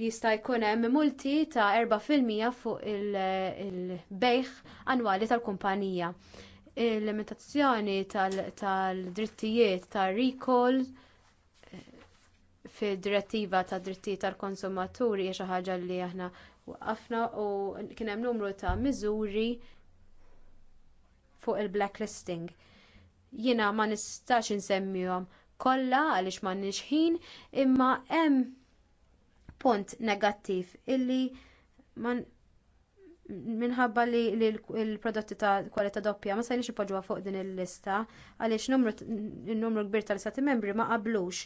li jista' jkun hemm multi ta' 4% fuq il-bejħ annwali tal-kumpanija. Il-limitazzjoni tal-drittijiet tar recall eh, fid-direttiva tad drittijiet tal-konsumaturi hija xi ħaġa li aħna waqqafna u kien hemm numru ta' miżuri fuq il-blacklisting. Jiena ma nistax insemmihom kollha għaliex m'għandniex ħin imma hemm punt negattiv illi minħabba li l-prodotti ta' kwalità doppja ma sajniex ipoġġuha fuq din il-lista għaliex n-numru kbir tal-istati membri ma qablux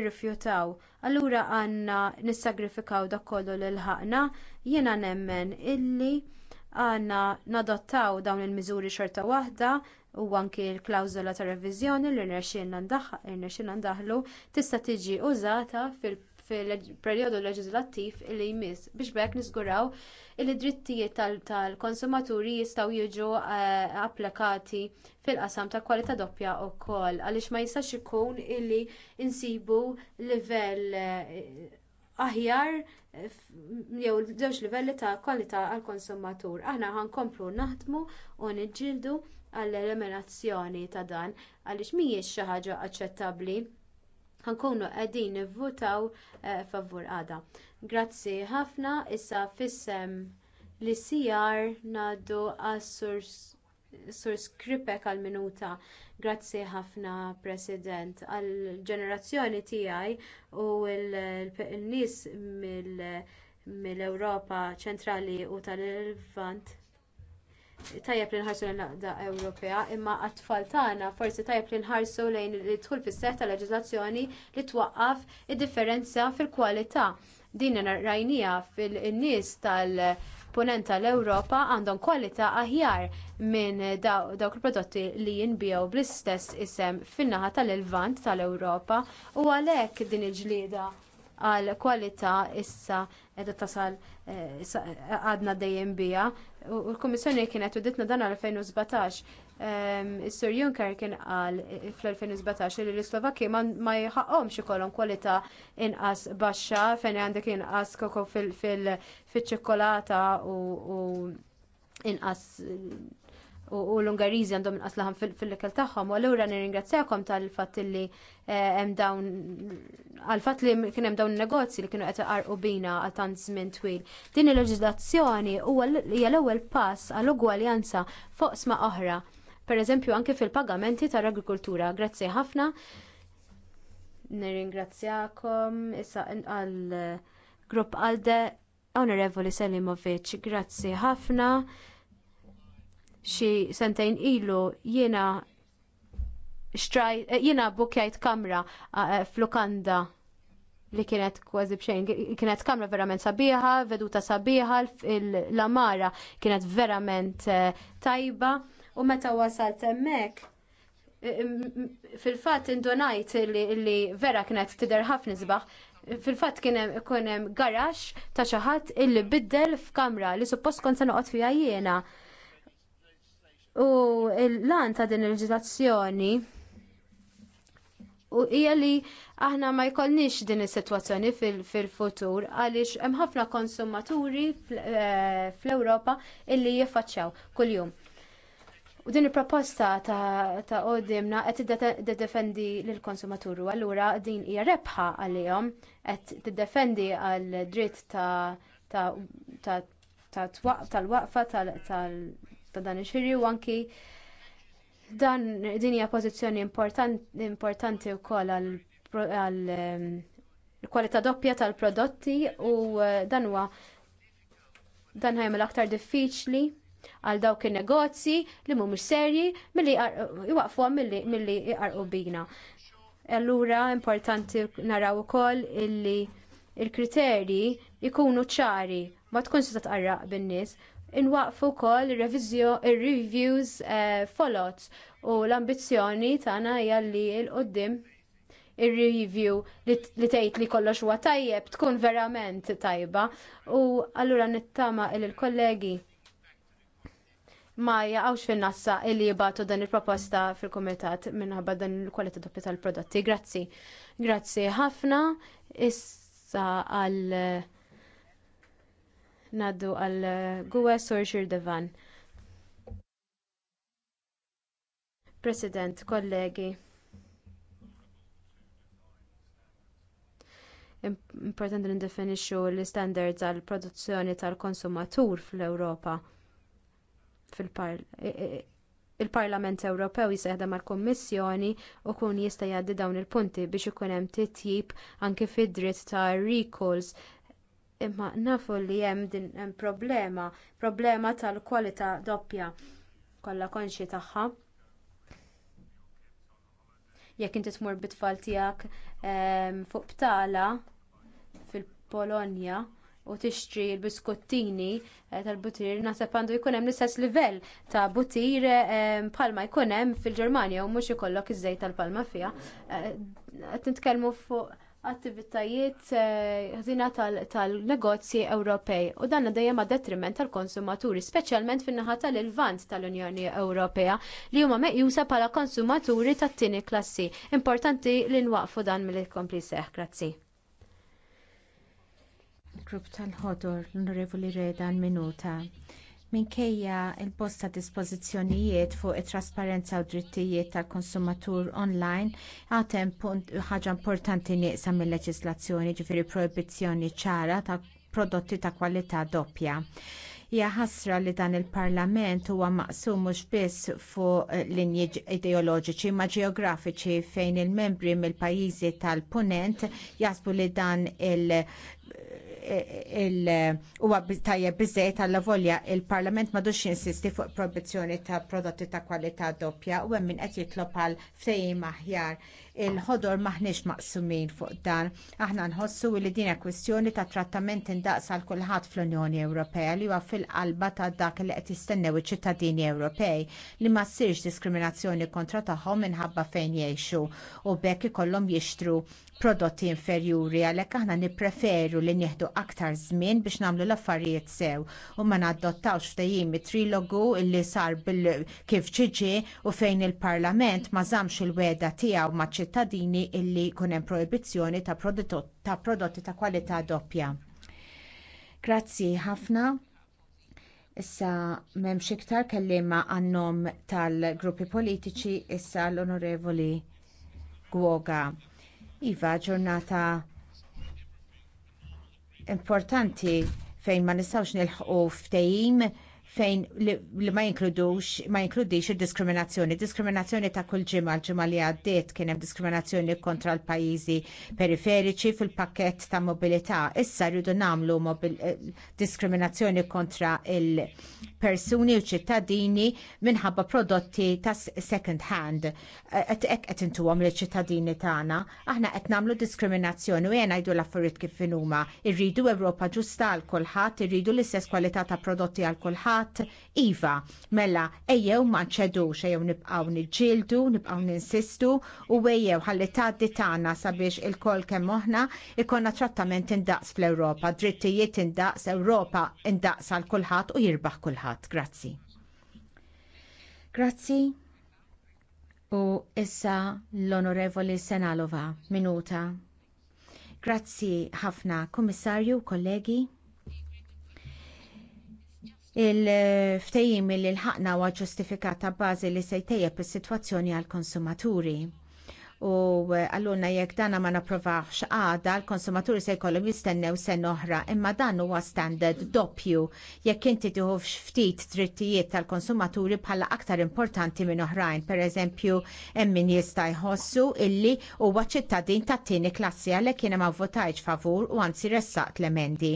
irrifjutaw. Allura għandna nissagrifikaw dak kollu l ħaqna jiena nemmen illi għandna nadottaw dawn il-miżuri xorta waħda u anki l-klawżola ta' reviżjoni li rnexxinna ndaħlu tista' tiġi użata fil- fil-perjodu leġislattiv li jmiss biex b'hekk niżguraw li d-drittijiet tal-konsumaturi jistgħu jiġu eh, applikati fil-qasam ta' kwalità doppja wkoll għaliex ma jistax ikun illi insibu livell eh, aħjar eh, jew żewġ livelli ta' kwalità għall konsumatur Aħna ħankomplu naħdmu u niġġieldu għall-eliminazzjoni ta' dan għaliex mhijiex xi ħaġa aċċettabbli ħankunu qegħdin nivvutaw eh, favur għada. Grazzi ħafna issa fissem li sijar ngħaddu għas-sur skripek għal minuta. Grazzi ħafna President għal ġenerazzjoni tiegħi u l-nies mill-Ewropa ċentrali u tal-Levant tajjeb li nħarsu lejn l Ewropea, imma t tfal tagħna forsi tajjeb li nħarsu lejn li tħul fis-seħħ ta' leġiżlazzjoni li twaqqaf id-differenza fil-kwalità. Din rajnija fil-nies tal-punent tal-Ewropa għandhom kwalità aħjar minn dawk il-prodotti li jinbijaw bl-istess isem fin-naħa tal-Ilvant tal-Ewropa u għalhekk din il-ġlieda għal kwalità issa qiegħda tasal eh, għadna dejjem biha. U l-Kummissjoni kienet uditna dan għal 2017. Is-Sur Juncker kien qal eh, fl-2017 li l-Slovakki ma jħaqhomx ikollhom kwalità inqas baxxa fejn għandek inqas koko fil-ċokolata u inqas u l-Ungariżi għandhom inqaslaħam fil likel tagħhom u allura nirringrazzjakom tal-fatt li eh, hemm dawn għall-fatt li kien hemm dawn negozji li kienu qed u bina għal tant żmien twil. Din il-leġiżlazzjoni hija l-ewwel pass għal ugwaljanza fuq sma oħra. Pereżempju anke fil-pagamenti tal-agrikoltura. Grazzi ħafna. Nirringrazzjakom issa għal eh, grupp Alde Onorevoli Selimovic, grazzi ħafna xi sentejn ilu jiena eh, jiena bukjajt kamra eh, eh, f'Lukanda li kienet kważi bxejn, kienet kamra verament sabiħa, veduta sabiħa, l-amara kienet verament tajba u meta wasalt hemmhekk fil-fatt indonajt li vera kienet tidher ħafna zbaħ, fil-fatt kien hemm garax ta' xi ħadd illi biddel f'kamra li suppost kont se noqgħod fiha jiena. U l-lan ta' din il-leġislazzjoni u hija li aħna ma jkollniex din is-sitwazzjoni fil-futur għaliex hemm ħafna konsumaturi eh, fl-Ewropa illi jiffaċċjaw kuljum. U din il-proposta ta' qodimna qed tiddefendi lill konsumaturi u allura din hija rebħa għalihom qed tiddefendi għal dritt ta' tal-waqfa tal ta' dan il-xiri u anki dan din hija pożizzjoni importanti wkoll għal ehm, kwalità doppja tal-prodotti u eh, dan huwa dan ħajmel aktar diffiċli għal dawk in-negozji li mhumiex serji milli iwaqfu milli iqarqu bina. Allura importanti naraw ukoll illi il-kriterji ikunu ċari ma tkunx se tqarraq bin-nies inwaqfu wkoll ir-reviews eh, folot u l-ambizzjoni tagħna hija li l-qoddim ir-review li tgħid li kollox huwa tajjeb tkun verament tajba u allura nittama il kollegi ma jaqgħux fin-nassa li jibatu dan il-proposta fil-kumitat minħabba dan il-kwalità doppja tal-prodotti. Grazzi. Grazzi ħafna issa għal Naddu għal eh, Gwe Sorxir Devan. President, kollegi. Importanti li ndefinixxu l-istandards għall produzzjoni tal-konsumatur fl-Ewropa il-Parlament Ewropew jiseħdem mal kummissjoni u kun jista' jgħaddi dawn il-punti biex ikun hemm titjib anke fid-dritt ta' recalls imma nafu li hemm din hemm problema, problema tal-kwalità doppja kollha konxi tagħha. Jekk inti tmur bit-tfal tiegħek ehm, fuq btala fil-Polonja u tixtri l-biskottini eh, tal-butir naħseb għandu jkun hemm l-istess livell ta' butir ehm, palma jkun hemm fil-Ġermanja u mhux ikollok iż-żejt tal-palma fiha. Eh, qed nitkellmu fuq attivitajiet eh, ħzina tal-negozji Ewropej u dan dejjem għad detriment tal-konsumaturi, speċjalment fin-naħa tal-Ilvant tal-Unjoni Ewropea li huma meqjusa bħala konsumaturi tat-tieni klassi. Importanti li nwaqfu dan mill ikompli seħ, grazzi. Grupp tal ħodur l-Onorevoli Redan Minuta. Minkejja l bosta dispożizzjonijiet fuq it-trasparenza u drittijiet tal-konsumatur online għatem ħaġa importanti nieqsa mill-leġislazzjoni ġifieri proibizzjoni ċara ta' prodotti ta' kwalità doppja. Hija ħasra li dan il-Parlament huwa maqsum mhux biss fuq linji ideoloġiċi ma' ġeografiċi fejn il-membri mill-pajjiżi tal-Punent jasbu li dan il- huwa tajjeb biżejjed għalla volja il-Parlament madux jinsisti fuq proibizzjoni ta' prodotti ta' kwalità doppja u hemm min qed jitlob għal ftehim aħjar il-ħodor maħniex maqsumin fuq dan. Aħna nħossu li dina kwestjoni ta' trattament indaqs għal kulħadd fl-Unjoni Ewropea li huwa fil-qalba ta' dak li qed jistennew iċ-ċittadini Ewropej li ma ssirx diskriminazzjoni kontra tagħhom minħabba fejn jgħixu u bekk ikollhom jixtru prodotti inferjuri għalhekk aħna nippreferu li nieħdu aktar żmien biex nagħmlu l-affarijiet sew u ma nadottawx f'dejjem trilogu li sar bil kif ġiġi u fejn il-Parlament ma żamx il-weda tiegħu ma' ċittadini illi kunem proibizzjoni ta' prodotti ta' kwalità doppja. Grazzi ħafna. Issa m'hemmx iktar kelliema għannom tal-gruppi politiċi issa l-Onorevoli Gwoga. Iva ġurnata importanti fejn ma nistgħux nilħqu ftehim fejn li, li ma jinkludux, ma jinkludix il-diskriminazzjoni. Diskriminazzjoni ta' kull ġimma, ġimma li għaddiet kien hemm diskriminazzjoni kontra l-pajjiżi periferiċi fil-pakket ta' mobilità. Issa rridu nagħmlu eh, diskriminazzjoni kontra il-persuni u ċittadini minħabba prodotti ta' second hand. Eh, qed qed għom liċ ċittadini tagħna, aħna qed nagħmlu diskriminazzjoni u jena ngħidu l kif huma. Irridu Ewropa ġusta għal kulħadd, irridu l-istess kwalità ta' prodotti għal kulħadd fatt iva mela ejjew ma nċedux xejjew nibqgħu niġġieldu, nibqgħu ninsistu u ejjew ħalli tgħaddi tagħna sabiex il-kol kemm oħna ikonna trattament indaqs fl europa drittijiet indaqs, Ewropa indaqs għal kulħadd u jirbaħ kulħadd. Grazzi. Grazzi. U issa l-Onorevoli Senalova, minuta. Grazzi ħafna, Komissarju, kollegi. Il-ftejim li l-ħakna huwa ġustifikata bażi li se pis is-sitwazzjoni għall konsumaturi u għallunna eh, jekk dana ma napprovax għada l-konsumaturi se jkollhom jistennew sen oħra imma dan huwa standard doppju jekk inti tieħu ftit drittijiet tal-konsumaturi bħala aktar importanti minn oħrajn pereżempju hemm min jista' jħossu illi huwa ċittadin tat-tieni klassi għalhekk jiena ma votajtx favur u anzi ressaqt l-emendi.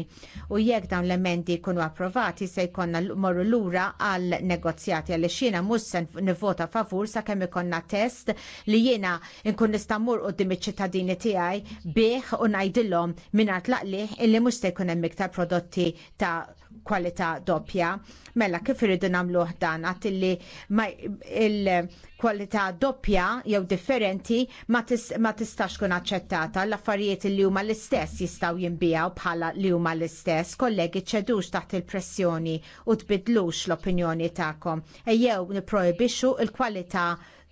U jekk dawn l-emendi jkunu approvati se jkollna morru lura għal negozjati għaliex jiena mhux se nivvota favur sa kemm ikonna test li jiena inkun nista' mmur qudiem iċ-ċittadini tiegħi bih u ngħidilhom mingħajr laqlih illi mhux se jkun hemm iktar prodotti ta' kwalità doppja. Mela kif irridu nagħmluh dan għat illi il-kwalità doppja jew differenti ma tistax kun aċċettata l-affarijiet li huma l-istess jistgħu jinbijaw bħala li huma l-istess, kollegi ċedux taħt il-pressjoni u tbidlux l-opinjoni tagħkom. Ejjew niprojbixxu l kwalità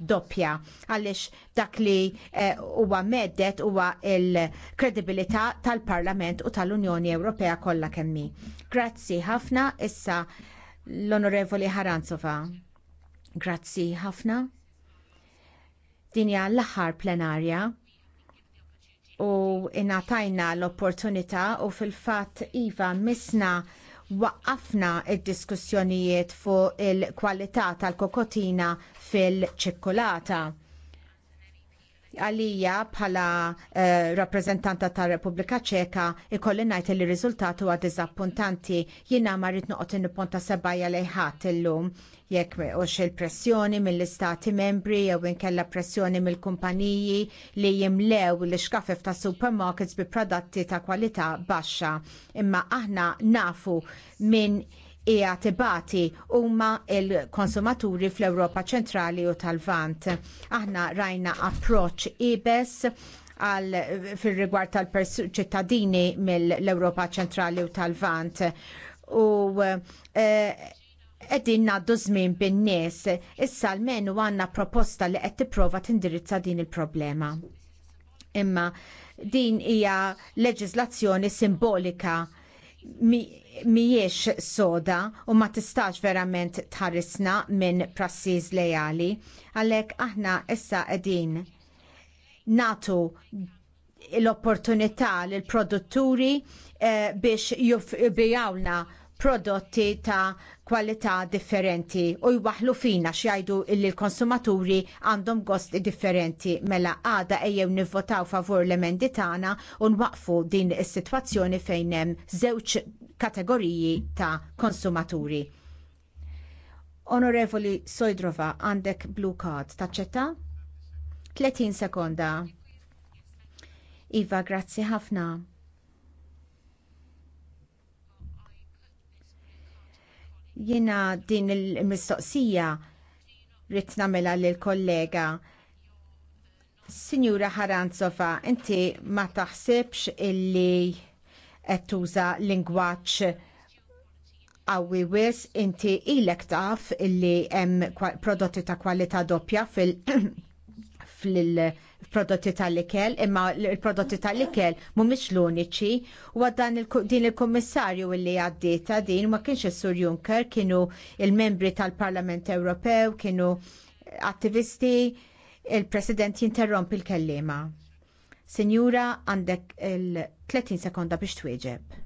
doppja għaliex dak li eh, huwa meddet huwa il-kredibilità tal-Parlament u tal-Unjoni Ewropea kollha kemmi. Grazzi ħafna issa l-Onorevoli Haranzova. Grazzi ħafna. Dinja l-aħħar plenarja u inatajna l-opportunità u fil fatt Iva misna waqqafna id-diskussjonijiet fuq il-kwalità tal-kokotina fil-ċikkolata għalija bħala uh, rappresentanta ta' Repubblika Ċeka ikolli ngħid li riżultat huwa diżappuntanti jiena ma rrid noqgħod inniponta sebajja lejħat illum jekk hux il-pressjoni mill-istati membri jew inkella pressjoni mill-kumpaniji li jimlew l xkafif ta' supermarkets bi prodotti ta' kwalità baxxa. Imma aħna nafu minn hija tibati huma il-konsumaturi fl-Ewropa ċentrali u tal-Vant. Aħna rajna approċċ ibes għal fil rigward tal-ċittadini mill-Ewropa ċentrali u tal-Vant. U għedin eh, Eddin naddu żmien bin-nies, issa l-menu għandna proposta li qed tipprova tindirizza din il-problema. Imma din hija leġiżlazzjoni simbolika mhijiex soda u ma tistax verament tħarrisna minn prassiż lejali għalhekk aħna issa qegħdin natu l-opportunità lill produtturi eh, biex jubijawna prodotti ta' kwalità differenti u jwaħlu fina xjajdu illi l-konsumaturi għandhom gost differenti mela għada ejjew nivvotaw favur l-emendi tagħna u nwaqfu din is-sitwazzjoni fejn hemm żewġ kategoriji ta' konsumaturi. Onorevoli Sojdrova, għandek blue card, taċċetta? 30 sekonda. Iva, grazzi ħafna. Jiena din il-mistoqsija rrit nagħmilha lill kollega Signora Haranzova, inti ma taħsibx illi qed tuża lingwaġġ wis inti ilek taf illi hemm prodotti ta' kwalità doppja fil- fil- prodotti tal-ikel, imma il-prodotti tal-ikel mhumiex l-uniċi u għaddan din il-Kummissarju li għaddita din ma kienx is-Sur Juncker kienu il-membri tal-Parlament Ewropew, kienu attivisti, il-President jinterromp il-kellima. Sinjura għandek il-30 sekonda biex tweġeb.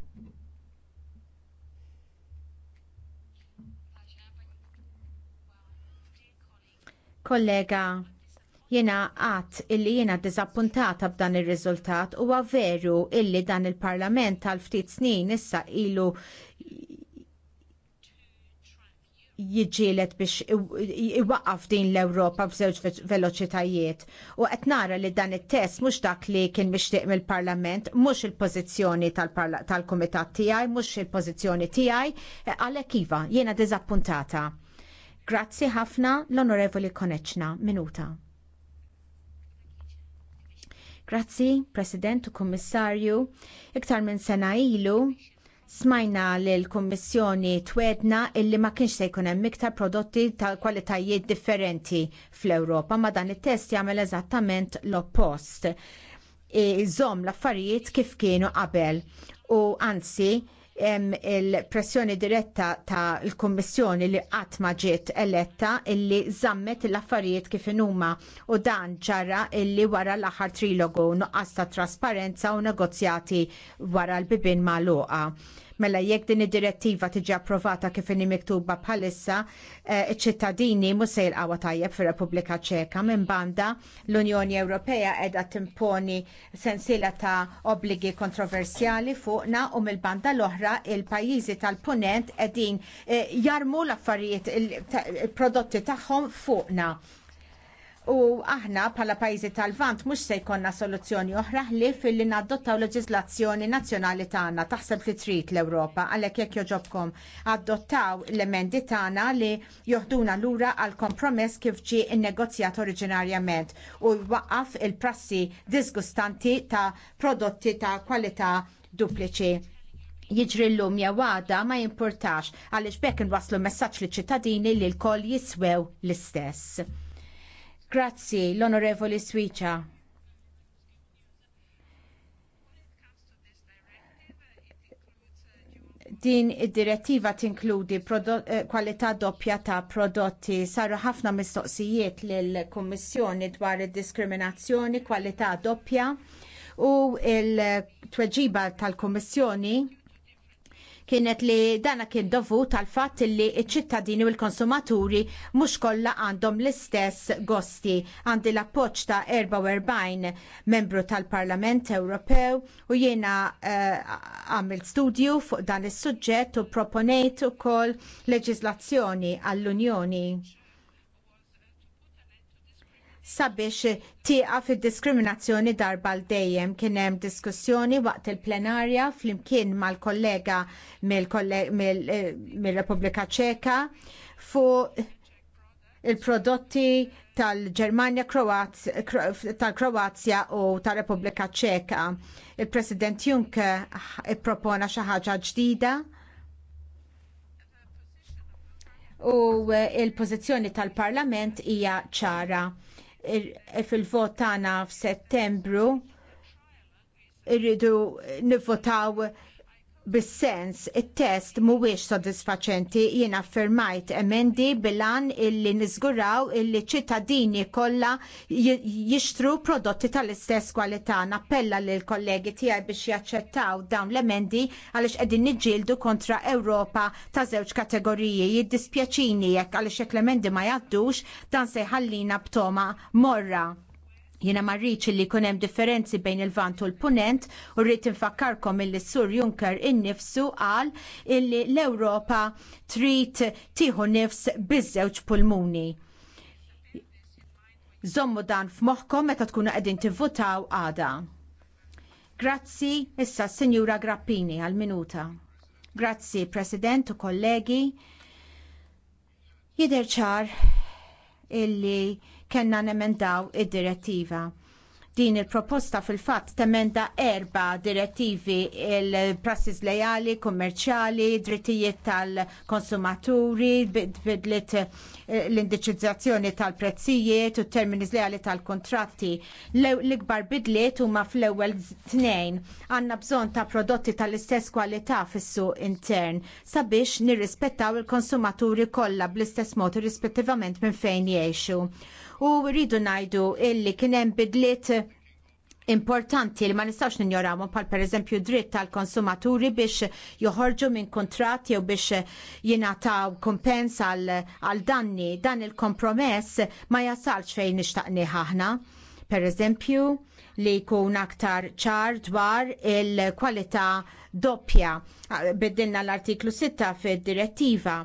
Kollega, Jena għat illi jena dizappuntata b'dan il-rizultat u veru illi dan il-parlament tal-ftit snin issa ilu jiġġielet biex iwaqqaf din l-Ewropa b'żewġ veloċitajiet. U qed nara li dan it-test mhux dak li kien mixtieq mill-Parlament, mhux il-pożizzjoni tal-Kumitat tiegħi, mhux il-pożizzjoni tiegħi, għalhekk iva jiena diżappuntata. Grazzi ħafna l-Onorevoli Koneċna, minuta. Grazzi, President u Kummissarju. Iktar minn sena ilu, smajna li l-Kommissjoni twedna illi ma kienx se jkun hemm iktar prodotti ta' kwalitajiet differenti fl-Ewropa, ma dan it-test jagħmel eżattament l-oppost. Iżomm l-affarijiet kif kienu qabel u anzi il-pressjoni diretta ta' l-Kommissjoni li qatt ma ġiet eletta illi zammet l-affarijiet kif huma u dan ġara illi wara l-aħħar trilogu nuqqas ta' trasparenza u negozjati wara l-bibin magħluqa Mela jekk din id-direttiva tiġi approvata kif inhi miktuba bħalissa, eh, iċ-ċittadini mhux se jilqgħu tajjeb fir-Repubblika Ċeka minn banda l-Unjoni Ewropea qiegħda timponi sensiela ta' obbligi kontroversjali fuqna u mill-banda l-oħra il-pajjiżi tal-punent qegħdin eh, jarmu l-affarijiet il-prodotti tagħhom fuqna U aħna bħala pajjiżi tal-vant mhux se jkollna soluzzjoni oħra li fil-li nadottaw leġislazzjoni nazzjonali tagħna taħseb li trid l-Ewropa għalhekk jekk joġobkom adottaw l-emendi tagħna li joħduna lura għal kompromess kif ġie nnegozjat oriġinarjament u jwaqqaf il-prassi disgustanti ta' prodotti ta' kwalità dupliċi jiġri l-lum għada ma jimpurtax għaliex bekk inwasslu messaġġ liċ ċittadini li l-kol jiswew l-istess. Grazzi, l-Onorevoli Swiċa. din id-direttiva tinkludi eh, kwalità doppja ta' prodotti saru ħafna mistoqsijiet lill kummissjoni dwar id-diskriminazzjoni kwalità doppja u l tweġiba tal-Kummissjoni kienet li dana kien dovut tal fatt li iċ-ċittadini u l-konsumaturi mhux kollha għandhom l-istess gosti. Għandi l-appoġġ ta' 44 membru tal-Parlament Ewropew u jiena eh, għamil uh, studju fuq dan is-suġġett u proponejt ukoll leġiżlazzjoni għall-Unjoni sabiex tieqa fid diskriminazzjoni darba l dejjem kien hemm diskussjoni waqt il-plenarja flimkien mal-kollega eh, mill-Repubblika Ċeka fuq il-prodotti tal-Germania tal-Kroazja u tal-Repubblika Ċeka. Il-President Juncker ippropona xi ħaġa ġdida u il-pożizzjoni tal-Parlament hija ċara fil-vot tagħna f'Settembru irridu nivvotaw bis-sens it-test mhuwiex sodisfaċenti jien affermajt emendi bilan illi niżguraw illi ċittadini kollha jixtru prodotti tal-istess kwalità. Nappella lil kollegi tiegħi biex jaċċettaw dawn l-emendi għaliex qegħdin niġġieldu kontra Ewropa ta' żewġ kategoriji. Jiddispjaċini jekk għaliex jekk l-emendi ma jgħaddux dan se jħallina b'toma morra. Jiena marriċ li jkun hemm differenzi bejn il-vant u l-punent u rrid infakkarkom illi sur Juncker innifsu qal illi l-Ewropa trid tieħu nifs biż-żewġ pulmuni. Zommu dan f'moħħkom meta tkunu qegħdin tivvutaw għada. Grazzi issa Sinjura Grappini għal-minuta. Grazzi President u kollegi. Jidher ċar illi kellna nemendaw id-direttiva din il-proposta fil-fatt temenda erba direttivi il-prassis lejali, kummerċjali, drittijiet tal-konsumaturi, bidlit eh, l-indiċizzazzjoni tal-prezzijiet u terminis lejali tal-kontratti. L-ikbar bidliet huma fl-ewwel tnejn għandna bżonn ta' prodotti tal-istess kwalità fis-suq intern sabiex nirrispettaw il-konsumaturi kollha bl-istess mod rispettivament minn fejn jgħixu u rridu ngħidu illi kien hemm bidliet importanti li ma nistax ninjorawhom bħal pereżempju dritt tal-konsumaturi biex joħorġu minn kuntratt jew biex jingħataw kumpens għal danni dan il-kompromess ma jasalx fejn nixtaqni aħna. Pereżempju li jkun aktar ċar dwar il-kwalità doppja. Biddilna l-artiklu 6 fid-direttiva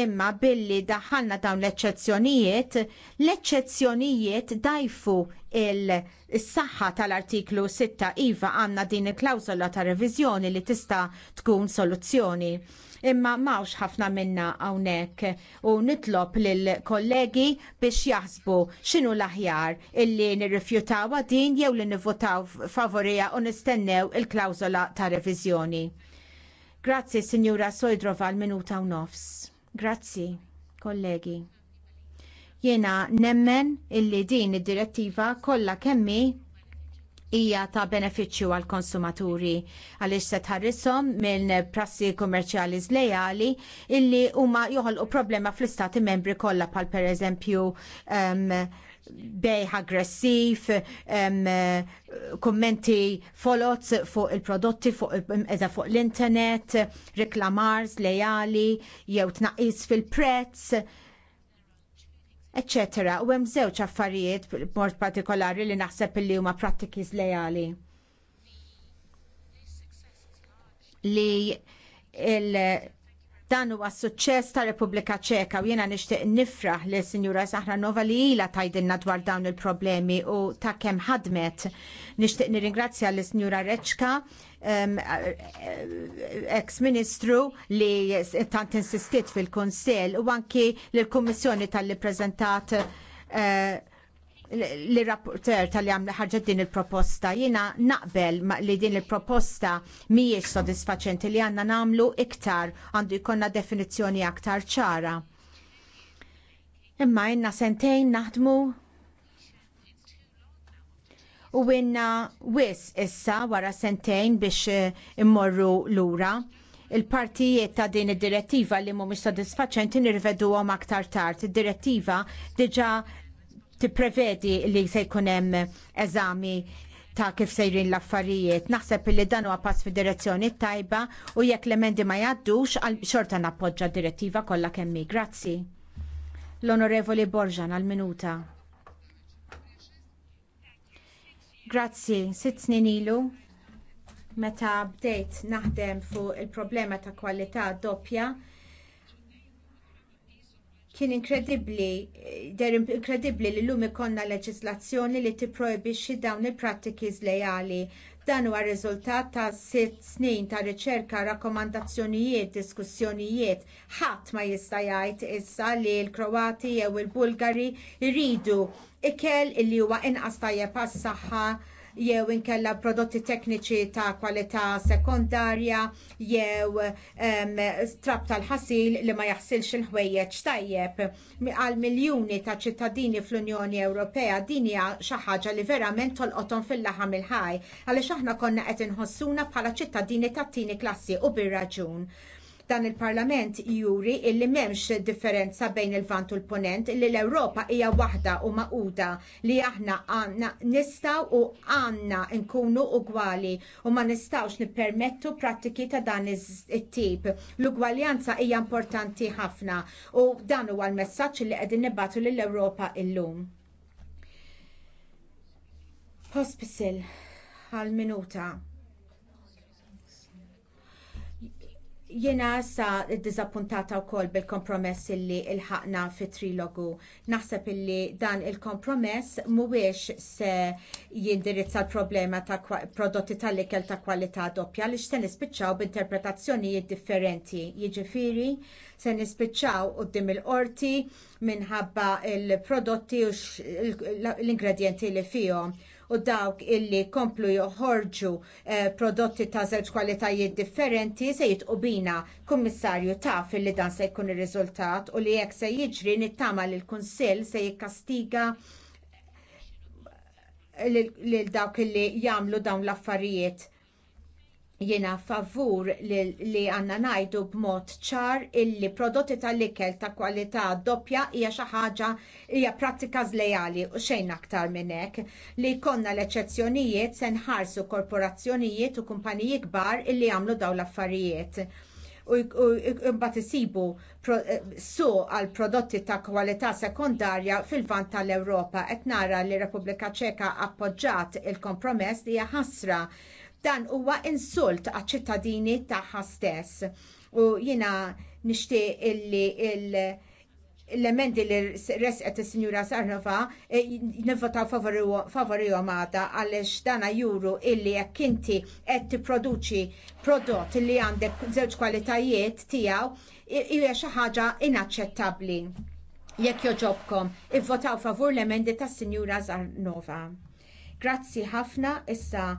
imma billi daħħalna dawn l-eċċezzjonijiet, l-eċċezzjonijiet dajfu il-saħħa tal-artiklu 6 iva għanna din il-klawzola ta' reviżjoni li tista' tkun soluzzjoni. Imma mawx ħafna minna hawnhekk u nitlob lill kollegi biex jaħsbu x'inhu l-aħjar illi nirrifjutaw din jew li nivvotaw favorija u nistennew il-klawzola ta' reviżjoni. Grazzi, Sinjura Sojdrova, għall minuta u nofs. Grazzi, kollegi. Jiena nemmen illi din id-direttiva kollha kemmi hija ta' benefiċċju għal konsumaturi għaliex se tħarrishom minn prassi kummerċjali żlejali illi huma joħolqu problema fl-istati membri kollha bħal pereżempju um, bejħ aggressiv, kommenti folot fuq il-prodotti fuq fuq l-internet, reklamars lejali, jew tnaqis fil-prezz, eccetera. U hemm żewġ affarijiet b'mod partikolari li naħseb li huma prattiki lejali. Li il- Dan huwa suċċess ta' Repubblika Ċeka u jiena nixtieq nifraħ li Sinjura Saħranova li ilha tajdilna dwar dawn il-problemi u ta' kemm ħadmet. Nixtieq nirringrazzja l Sinjura Reċka um, ex-ministru li tant insistiet fil kunsell u anki l-Kummissjoni tal-li preżentat uh, eh, li rapporter tal-li għam ħarġet din il-proposta. Jina naqbel li din il-proposta miex sodisfaċenti li għanna namlu iktar għandu jkonna definizjoni aktar ċara. Imma jina sentejn naħdmu u jina wis issa wara sentejn biex eh, immorru l-ura il-partijiet ta' din id-direttiva li mhumiex sodisfaċenti nirvedu għom aktar tard. Id-direttiva diġa tipprevedi li se jkun hemm eżami ta' kif sejrin l-affarijiet. Naħseb li dan huwa pass fid-direzzjoni tajba u jekk l-emendi ma jgħaddux għal xorta nappoġġa direttiva kollha kemmi. Grazzi. L-Onorevoli Borġan għal minuta. Grazzi, sitt snin ilu meta bdejt naħdem fuq il-problema ta' kwalità doppja Kien inkredibbli, der inkredibbli li llum ikollna leġiżlazzjoni li tipprojbixxi dawn il-prattiki żlejali. Dan huwa riżultat ta' sitt snin ta' riċerka, rakkomandazzjonijiet, diskussjonijiet. Ħadd ma jista' jgħid issa li l-Kroati jew il-Bulgari jridu ikel illi huwa inqas tajjeb għas-saħħa jew inkella prodotti tekniċi ta' kwalità sekondarja jew trab tal-ħasil li ma jaħsilx il-ħwejjeġ tajjeb. Għal miljuni ta' ċittadini fl-Unjoni Ewropea din hija xi ħaġa li verament tolqothom fil-laħam il-ħaj għaliex aħna konna qed inħossuna bħala ċittadini tat-tieni klassi u bir-raġun. Dan il-Parlament juri illi m'hemmx differenza bejn il-vant u l-ponent li l-Ewropa hija waħda u maquda li aħna għandna nistgħu u għandna nkunu ugwali u ma nistgħux nippermettu prattiki ta' dan il tip L-ugwaljanza hija importanti ħafna u dan huwa l-messaġġ li qegħdin nibatu lill-Ewropa illum. Hospital għal minuta. Jena sa dizappuntata u bil-kompromess illi il-ħakna fi trilogu. Naħseb illi dan il-kompromess muwiex se jindirizza l-problema ta' prodotti tal-ikel ta' kwalità doppja li xten nispiċċaw b'interpretazzjonijiet differenti. Jiġifieri se nispiċċaw quddiem il-qorti minħabba il-prodotti u l-ingredjenti li fihom u dawk illi komplu joħorġu eh, prodotti ta' żewġ kwalitajiet differenti se jitqubina kummissarju taf li dan se jkun ir-riżultat u li jekk se jiġri nittama li l-Kunsill se jikkastiga eh, lil dawk illi jagħmlu dawn l-affarijiet Jiena favur li għandna ngħidu b'mod ċar illi prodotti tal-ikel ta' kwalità doppja hija xi ħaġa hija prattika żlejali u xejn aktar minn hekk li jkollna l-eċċezzjonijiet se nħarsu korporazzjonijiet u kumpaniji kbar illi jagħmlu dawn l-affarijiet u mbagħad isibu eh, su għal prodotti ta' kwalità sekondarja fil-vant tal-Ewropa qed nara li Repubblika Ċeka appoġġat il-kompromess li hija ħasra dan huwa insult għaċ-ċittadini tagħha stess. U jiena nixtieq illi il l-emendi li resqet il-Sinjura Sarnova e, nivvotaw favori għamata għalix dana juru illi jekk inti qed tipproduċi prodott li għandek żewġ kwalitajiet tiegħu hija xi ħaġa inaċċettabbli. Jekk joġobkom, ivvotaw favur l-emendi tas-Sinjura Sarnova. Grazzi ħafna issa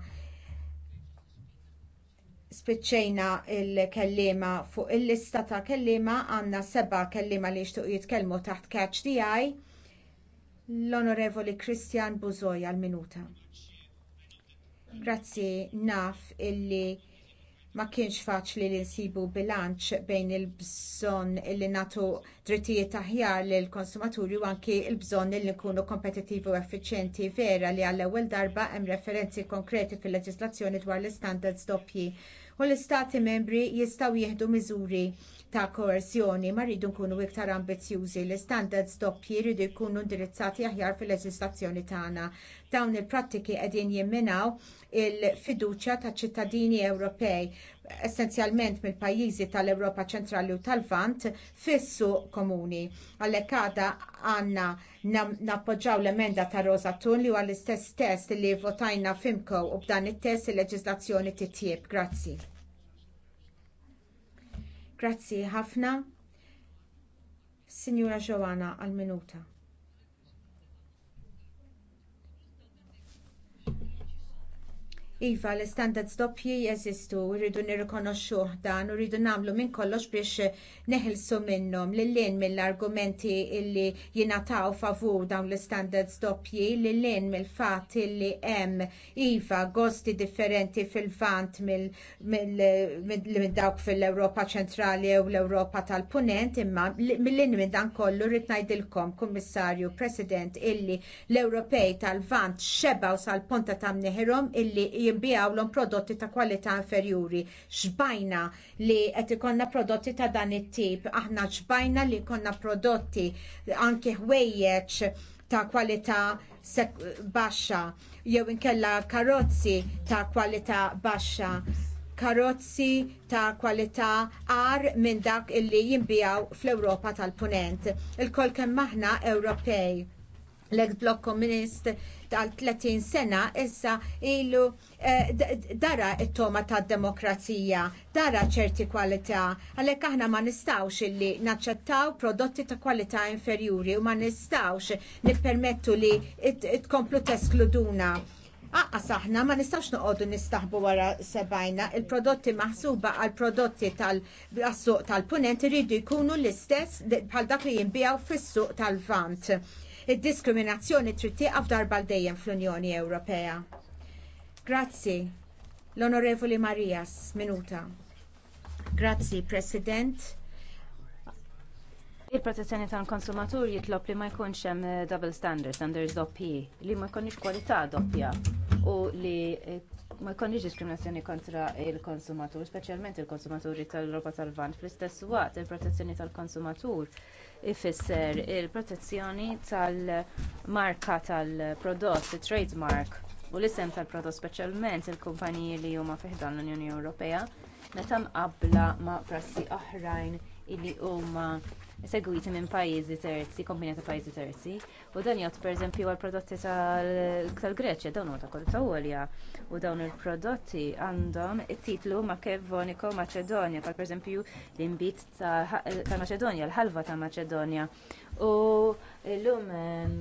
spiċċejna l kelliema fuq il-lista ta' kelliema għandna seba kelliema li jixtuq jitkellmu taħt catch DI l-Onorevoli Christian Buzoja l-minuta. Grazzi naf illi ma kienx faċli li nsibu bilanċ bejn il-bżonn li nagħtu drittijiet aħjar lill konsumaturi u anki l bżonn li nkunu kompetitivi u effiċjenti vera li għall ewwel darba hemm referenzi konkreti fil-leġislazzjoni dwar l istandards doppji u l-istati membri jistgħu jieħdu miżuri ta' koerzjoni ma rridu nkunu iktar ambizjużi l istandards doppji jridu jkunu indirizzati aħjar fil-leġislazzjoni tagħna. Dawn il-prattiki qegħdin jimminaw il-fiduċja taċ ċittadini Ewropej essenzjalment mill-pajjiżi tal-Ewropa ċentrali u tal-Vant fissu komuni. Għalhekk għadha għandna nappoġġaw l-emenda ta' Rosa Tun li huwa l-istess test li votajna fimko u b'dan it-test il-leġiżlazzjoni titjieb. Grazzi. Grazzi ħafna. Signora Joanna għal minuta. Iva, l istandards doppji jeżistu, rridu nirrikonoxxuh dan, u rridu nagħmlu minn kollox biex neħilsu minnhom lil-lin mill-argumenti illi jingħataw favur dawn l istandards doppji, lil-lin mill-fatt illi hemm iva gosti differenti fil-vant mill dawk fil-Ewropa ċentrali u l europa tal-Punent, imma mill-lin minn dan kollu rrid ngħidilkom, Kummissarju, President, illi l-Ewropej tal-Vant xebaw sal-ponta ta' mneħirhom illi l prodotti ta' kwalità inferjuri. Xbajna li qed ikonna prodotti ta' dan it-tip, aħna xbajna li jkollna prodotti anke ħwejjeġ ta' kwalità baxxa jew inkella karozzi ta' kwalità baxxa karozzi ta' kwalità għar minn dak illi jinbijaw fl-Ewropa tal-Punent. Il-kol kemm aħna Ewropej l-ex-blok komunist tal-30 sena issa ilu eh, dara it-toma tad demokrazija, dara ċerti kwalità, għalhekk aħna ma nistawx illi naċċettaw prodotti ta' kwalità inferjuri u ma nistawx nippermettu li tkomplu teskluduna. Aqqa saħna ma nistax noqogħdu nistaħbu wara sebajna, il-prodotti maħsuba għal prodotti tal-suq tal-punent iridu jkunu l-istess bħal dak li jinbijaw fis-suq tal-vant id-diskriminazzjoni trid tieqaf darba l dejjem fl-Unjoni Ewropea. Grazzi, l-Onorevoli Marias, minuta. Grazzi, President. Il-protezzjoni tal-konsumatur jitlob li ma jkunx hemm double standard, standards doppi, li ma jkunx kwalità doppja u li eh, ma jkollniex diskriminazzjoni kontra il-konsumatur, speċjalment il-konsumaturi tal roba tal-Vant fl-istess waqt il-protezzjoni tal-konsumatur ifisser il-protezzjoni tal-marka tal-prodott, trademark u l-isem tal-prodott speċjalment il-kumpaniji li huma fiħdan l-Unjoni Ewropea meta mqabbla ma' prassi oħrajn illi huma segwiti minn pajjiżi terzi, ta' pajjiżi terzi, u dan per pereżempju għall prodotti tal-Greċja, dawn huwa ta' kolta għolja, u dawn il-prodotti għandhom it-titlu Makevoniko Macedonia, pal pereżempju l-imbit ta' Macedonia, l-ħalva ta' Macedonia. U llum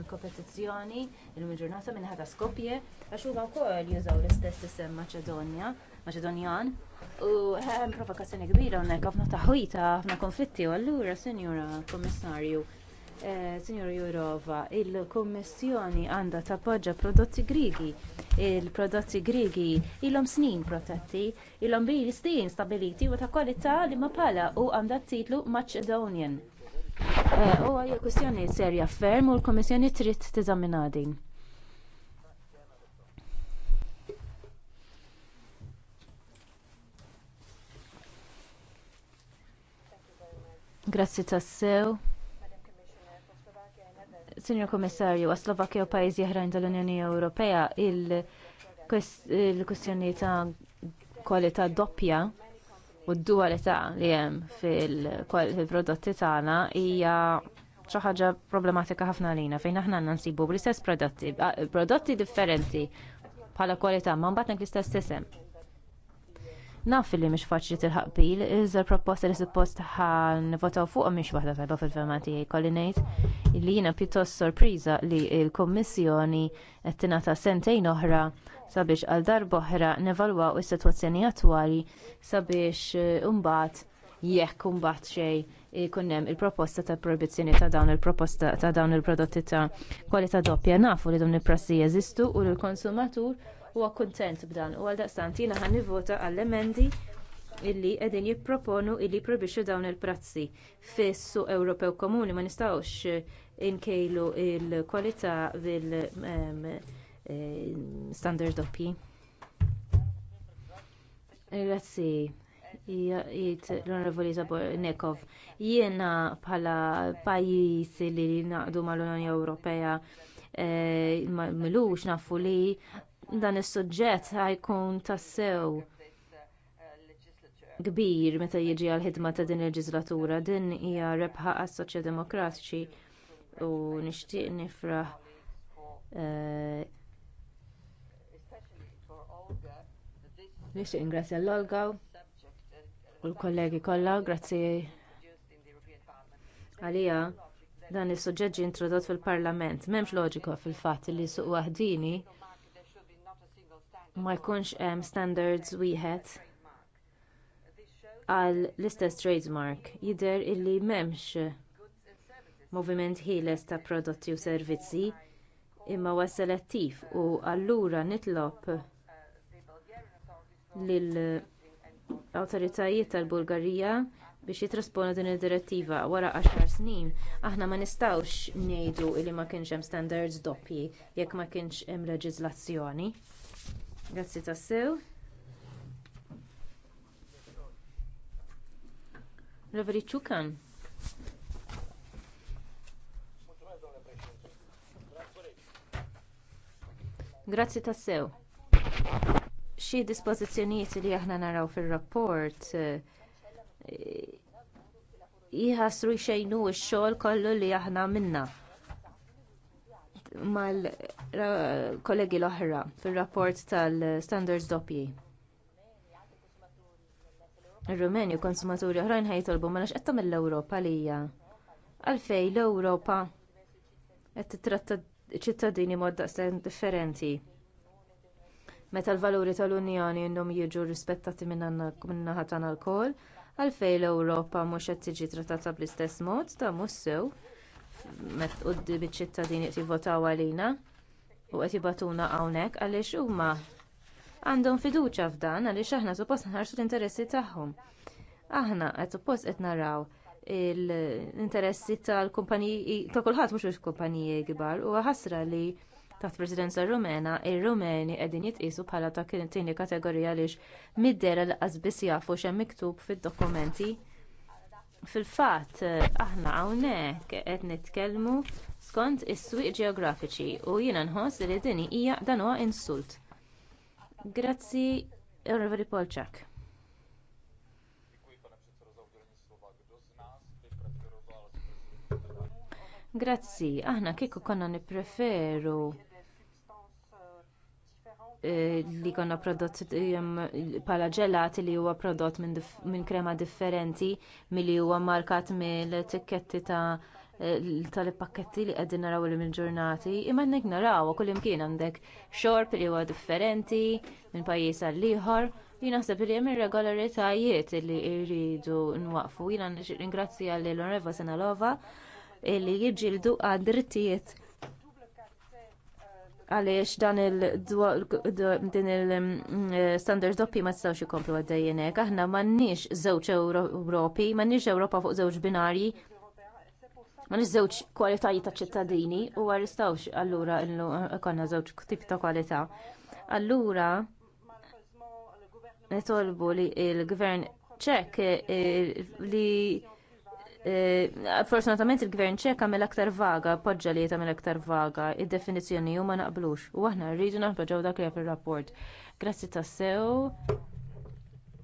kompetizzjoni, l-lum ġurnata minn ħata Skopje, għaxu huma wkoll jużaw l-istess isem Maċedonja, Maċedonjan. U hemm provokazzjoni kbira hawnhekk ħafna taħwita, ħafna konflitti, u allura Sinjura Kummissarju, eh, Sinjura Jurova, il-Kummissjoni għandha tappoġġa prodotti Griegi. Il-prodotti Griegi ilhom snin protetti, ilhom bil snin stabiliti u ta' kwalità li ma pala u għandha titlu Macedonian. Eh, u għajja kwistjoni serja ferm u l-Kummissjoni trid tiżaminha din. Grazzi tassew. Signor Komissarju, għas-Slovakkja u pajjiżi oħrajn tal-Unjoni Ewropea il-kwestjoni ta' kwalità doppja u d-dualità li hemm fil-prodotti tagħna hija xi ħaġa problematika ħafna għalina fejn aħna nsibu bl-istess prodotti, prodotti differenti bħala kwalità ma mbagħad l-istess isem. Naf li mhix faċli tilħaq bil, iżda proposta li suppost ħan votaw fuq mhix waħda tajba fil-verment tiegħi kolli ngħid li jiena pjuttost sorpriża li l-Kummissjoni qed tingħata sentejn oħra sabiex għal darb'oħra nevalwaw is-sitwazzjoni attwali sabiex imbagħad eh, jekk imbagħad xejn ikun hemm il-proposta ta' proibizzjoni ta' dawn il-proposta ta' dawn il-prodotti ta' kwalità doppja nafu li dawn il-prassi jeżistu u l-konsumatur huwa kuntent b'dan u għaldaqstant jiena ħa nivvota għall-emendi illi qegħdin jipproponu illi jipprobixxu dawn il-prazzi fis Ewropew Komuni ma nistgħux eh, inkejlu l-kwalità bil ehm, eh, standard doppji. Grazzi jgħid l-Onorevoli Nekov. Jiena bħala pajjiż li naqdu mal-Unjoni Ewropea eh, milux nafu li dan is-suġġett ħajkun tassew kbir meta jiġi għal ħidma ta' din il-leġislatura din hija rebħa għas soċjaldemokratiċi u nixtieq nifraħ eh, nixtieq ingrazzja l olga u l-kollegi kollha grazzi għalija dan is-suġġett ġie introdott fil-Parlament m'hemmx loġika fil-fatt li suq waħdini ma jkunx hemm standards wieħed għal l-istess trademark jidher illi m'hemmx moviment ħieles ta' prodotti u servizzi imma huwa selettiv u allura nitlob lill-awtoritajiet tal-Bulgarija biex jitrasponu din id-direttiva wara għaxar snin, aħna ma nistgħux ngħidu li ma kienx hemm standards doppji jekk ma kienx hemm leġiżlazzjoni. Grazzi tassew. Reverit Chukan. Grazzi tassew. Xi dispożizzjonijiet li aħna naraw fir-rapport jħassru eh, xejnu x-xogħol kollu li aħna minna mal-kollegi l-oħra fil-rapport tal-standards doppji. Ir-Rumeni u konsumaturi oħrajn ħajtolbu ma qed tagħmel l-Ewropa hija. Għalfejn l-Ewropa qed titratta ċittadini mod daqstan differenti. Meta l-valuri tal-Unjoni innhom jiġu rispettati min naħa tagħna l għalfejn l-Ewropa mhux qed tiġi trattata bl-istess mod ta' mhux sew met uddi ċittadini qed jivvotaw għalina u qed jibatuna hawnhekk għaliex huma għandhom fiduċja f'dan għaliex aħna suppost nħarsu l-interessi tagħhom. Aħna qed suppost qed naraw l-interessi tal-kumpaniji ta' kulħadd mhux kumpaniji kbar u ħasra li taħt presidenza rumena ir-rumeni qegħdin jitqisu bħala ta' tieni kategorija għaliex middera li qasbis jafu x'hemm miktub fid-dokumenti Fil-fatt aħna hawnhekk qed nitkellmu skont is-swieq ġeografiċi u jiena nħoss li din hija dan huwa insult. Grazzi Onorevoli Polczak. Grazzi, aħna kieku konna nippreferu Eh, li konna prodott bħala ġelati li huwa prodott minn krema differenti milli huwa markat mill-tikketti ta' eh, tal-pakketti li qegħdin naraw li mill-ġurnati, imma nek naraw kullim kien għandek xorb li huwa differenti minn pajjiż għal ieħor. Jien naħseb li hemm irregolaritajiet li jridu nwaqfu. Jiena ringrazzja lil Onoreva Senalova li jiġġieldu għad drittijiet għaliex dan il-din il-standard mm, eh, doppi ma tistawx ikomplu għaddejjenek. Aħna m'għandniex żewġ Ewropi, m'għandniex Ewropa fuq żewġ binarji, m'għandniex żewġ kwalitajiet ta' ċittadini u għaristawx allura konna żewġ tip ta' kwalità. Allura nitolbu li l-gvern ċek eh, li Fortunatament eh, il-gvern ċek għamil aktar vaga, podġa li jtamel aktar vaga, id-definizjoni ju ma naqblux. U għahna rridu naħbġaw dak li fil rapport Grazzi ta' sew.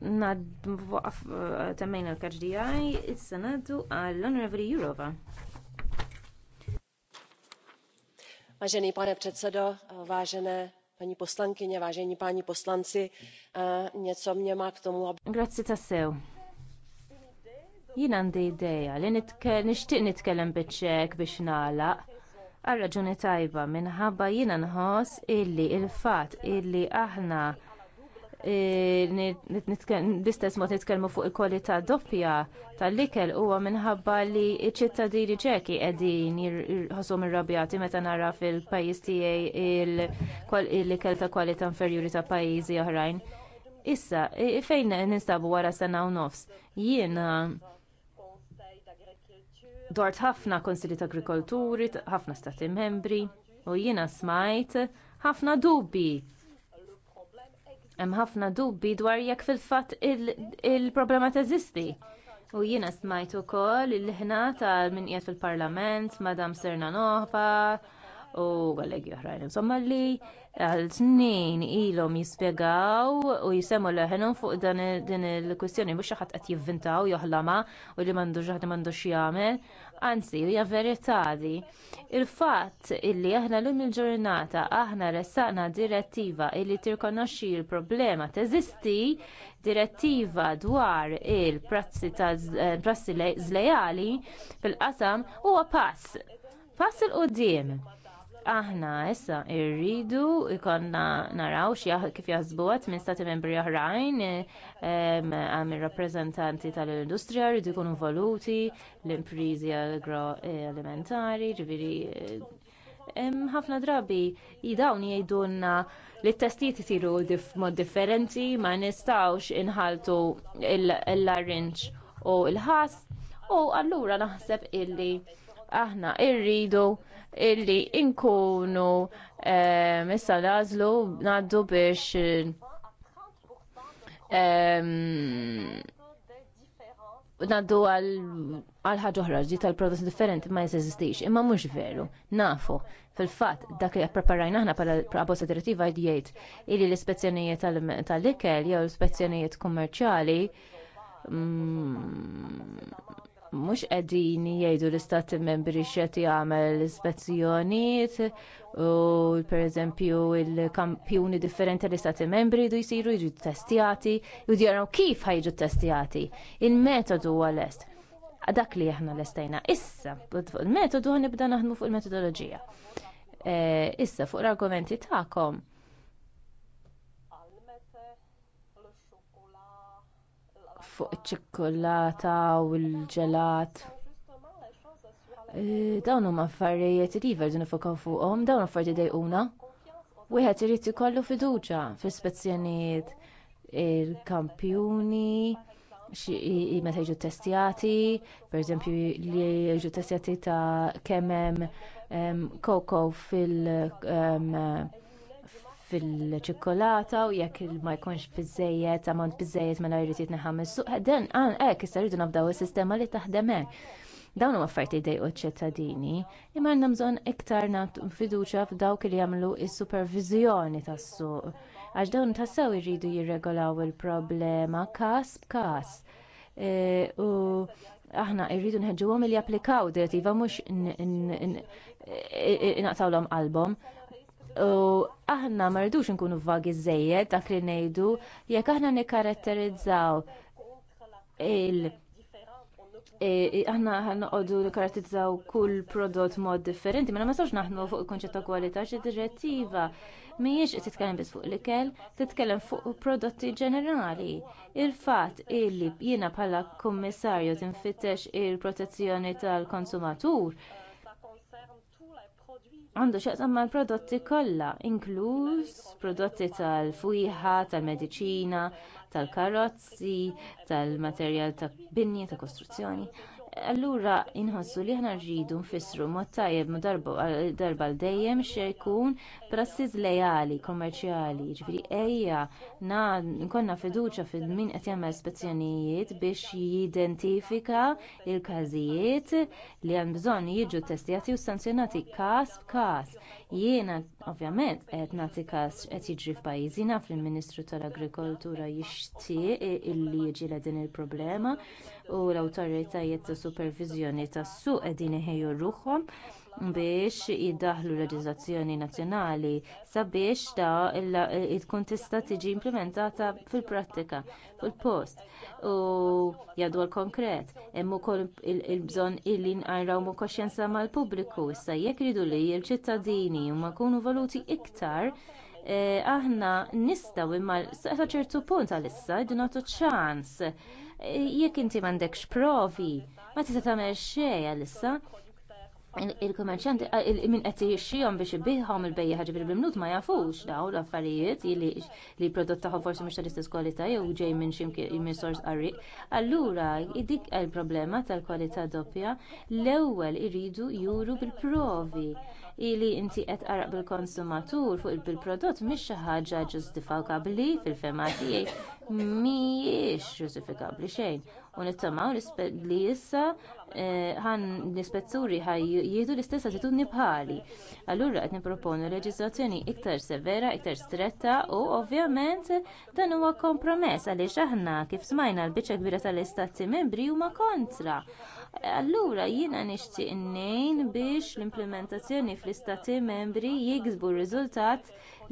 Nadwaqaf eh, temmejna l-KGDI, il-Senatu għall-Honorable Jurova. Vážený pane předsedo, vážené paní poslankyně, vážení páni poslanci, eh, něco mě má k tomu, aby... Grazie ta' Jien għandi ideja li nixtieq nitkellem biċċek biex nagħlaq għal raġuni tajba minħabba jiena nħoss illi il-fatt illi aħna l-istess e, mod nitkellmu fuq il-kwalità doppja tal-ikel huwa minħabba li ċ-ċittadini ċeki qegħdin jirħoshom irrabjati meta nara fil-pajjiż tiegħi l-ikel ta' kwalità inferjuri ta' pajjiżi oħrajn. Issa, e, fejn nistabu wara sena u nofs? Jiena dort ħafna konsili ta' agrikolturi, ħafna stati membri, u jiena smajt ħafna dubbi. Hemm ħafna dubbi dwar jekk fil-fatt il-problema il teżisti. U jiena smajt ukoll il-ħna tal min qiegħed fil-Parlament, Madam Serna Nova, u kollegi oħrajn insomma li għal snin ilhom jispjegaw u jisemmu leħenhom fuq dan din il-kwistjoni mhux xi ħadd qed jivvintaw joħlama u li m'għandux ħadd m'għandux jagħmel. Anzi, hija verità di. Il-fatt illi aħna lum il-ġurnata aħna ressaqna direttiva illi tirkonoxxi l-problema teżisti direttiva dwar il-prassi ta' eh, prassi żlejali fil-qasam huwa pass. Pass il-qudiem aħna issa rridu ikonna naraw kif jaħsbuhat minn stati membri oħrajn għam rappreżentanti tal-industrija rridu jkunu voluti l-imprizi agroalimentari, ġifieri ħafna drabi jidawni jgħidulna li t-testijiet isiru mod differenti ma nistawx inħaltu l-arrinġ u l-ħass u allura naħseb illi aħna rridu illi inkunu eh, issa lażlu ngħaddu biex ehm, naddu għal ħagħuħra ġi tal-prodotti differenti ma jesistix, imma mhux veru, nafu. fil fatt dak li preparajna aħna pala proposta direttiva jgħid illi l-ispezzjonijiet tal-ikel jew l-ispezzjonijiet kummerċjali mm, mhux qegħdin jgħidu l-istati membri x'qed jagħmel ispezzjonijiet u pereżempju il-kampjuni differenti tal-istati membri jdu jsiru jiġu testjati u jaraw kif ħajġu testjati. Il-metodu huwa lest. Dak li aħna lestajna. Issa, il-metodu ħanibda naħdmu fuq il-metodoloġija. Eh, issa fuq l-argumenti tagħkom fuq iċ-ċikkolata u l-ġelat. E, dawn huma affarijiet li jverdu nifokaw fuqhom, dawn affarijiet dejquna. Wieħed irid ikollu fiduċja fl-ispezzjonijiet il-kampjuni, meta jiġu testjati, pereżempju li jiġu testjati ta' kemm hemm koko fil- fil-ċikkolata u jekk ma jkunx biżżejjed amont biżżejjed mela jrid jitneħħa mis-suq, den ah, hekk issa rridu nabdaw is-sistema li taħdem hekk. Dawn huma affarijiet idejqu ċ-ċittadini, imma għandna bżonn iktar nagħtu fiduċja f'dawk li jagħmlu s-superviżjoni tas-suq. Għax dawn tassew irridu jirregolaw il-problema każ b'każ. E, u aħna irridu nħeġġuhom li japplikaw direttiva mhux inaqtawlhom qalbhom. U aħna ma rridux nkunu vagi żejjed dak li ngħidu jekk aħna nikkaratterizzaw il- e, e, aħna ħanqodu karatizzaw kull prodott mod differenti, ma nistgħux naħnu fuq il-konċett ta' kwalità xi direttiva mhijiex qed titkellem biss fuq l-ikel, titkellem fuq prodotti ġenerali. Il-fatt illi jiena bħala kummissarju tinfittex il-protezzjoni tal-konsumatur għandu xaqsam mal prodotti kollha, inkluż prodotti tal fujħa tal medicina tal-karozzi, tal-materjal ta' binni, ta' kostruzzjoni. Allura inħossu li aħna rridu nfissru mod tajjeb darba l dejjem xe jkun lejali, kommerċjali, ġifieri ejja nkonna fiduċja fil-min qed jagħmel spezzjonijiet biex jidentifika l każijiet li hemm bżonn jiġu testjati u sanzjonati każ b'każ. Jiena Ovvjament, qed nagħti każ qed jiġri f'pajjiżina naf ministru tal-Agrikoltura jixtieq illi jiġi din il-problema u l-awtoritajiet ta' superviżjoni tas-suq qegħdin iħejju ruħhom biex jiddaħħlu leġiżlazzjoni nazzjonali sabiex ta' tkun tista' tiġi implementata fil-prattika fil-post u jadwar konkret hemm ukoll il-bżonn illi nqarrawmu koxjenza mal-pubbliku issa jekk ridu li l-ċittadini huma jkunu valuti iktar eh, aħna nistgħu imma sa ċertu punt għalissa jdu nagħtu ċans eh, jekk inti m'għandekx provi ma tista' tagħmel xejn għalissa il-kummerċanti ah, min qed jixxihom biex ibiħhom il-bejja ħaġa bil-bimnut ma jafux daw l-affarijiet li l-prodott tagħhom forsi mhux tal-istess kwalità jew ġej minn xi minn sors qarriq. Allura dik il-problema tal-kwalità doppja l-ewwel iridu juru bil-provi ili inti qed qaraq bil-konsumatur fuq il-prodott mhix xi ħaġa ġustifikabbli fil-fema tiegħi mhijiex ġustifikabbli xejn u nittamaw li issa eh, ħan l-ispezzuri ħaj jieħdu l-istess attitudni bħali. Allura qed nipproponu leġiżlazzjoni iktar severa, iktar stretta u ovvjament dan huwa kompromess għaliex aħna kif smajna l-biċċa kbira tal-istati membri huma kontra Allura jiena nixtieq innejn biex l-implementazzjoni fl-istati membri jiksbu riżultat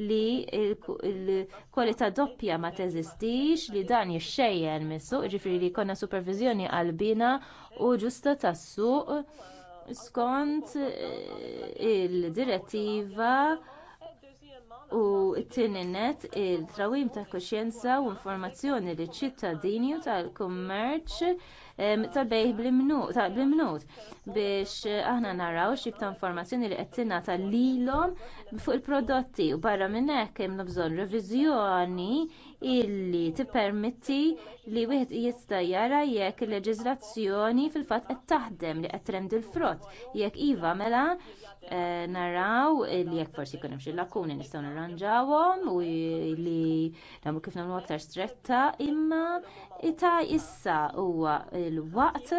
li l-kwalità doppja ma teżistix li dan jixxejjen mis-suq, li jkollna superviżjoni qalbina u ġusta tas-suq skont eh, il-direttiva u t-tieni il-trawim ta' kuxjenza u informazzjoni liċ ċittadini u tal-kummerċ tal-bejħ bl-imnut biex eh, aħna naraw xib ta' informazzjoni li qed tal lilhom fuq il-prodotti u barra minn hekk hemm bżonn reviżjoni illi tippermetti li wieħed jista' jara jekk il-leġiżlazzjoni fil-fatt qed taħdem li qed trend il-frott. Jekk iva mela eh, naraw li jekk forsi jkun hemm xi lakuni nistgħu nirranġawhom u li nagħmlu kif nagħmlu aktar stretta imma ita issa huwa l-waqt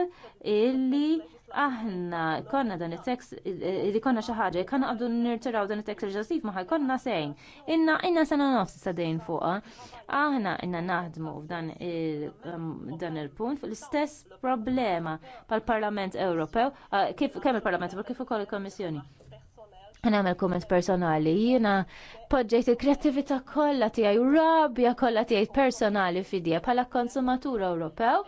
illi aħna konna dan it-tekst li konna xi ħaġa konna qabdu nirtiraw dan it-tekst leġislattiv ma ħajkonna sejn. Inna inna sena nofs sadejn fuqha. Aħna inna naħdmu f'dan um, dan il-punt fuq l-istess problema pal-Parlament Ewropew, uh, kif kemm il-Parlament Ewropew kif ukoll il-Kommissjoni. Nagħmel kumment personali, Jiena poġġejt il kollha tiegħi u rabja kollha tiegħi personali fidija bħala konsumatur Ewropew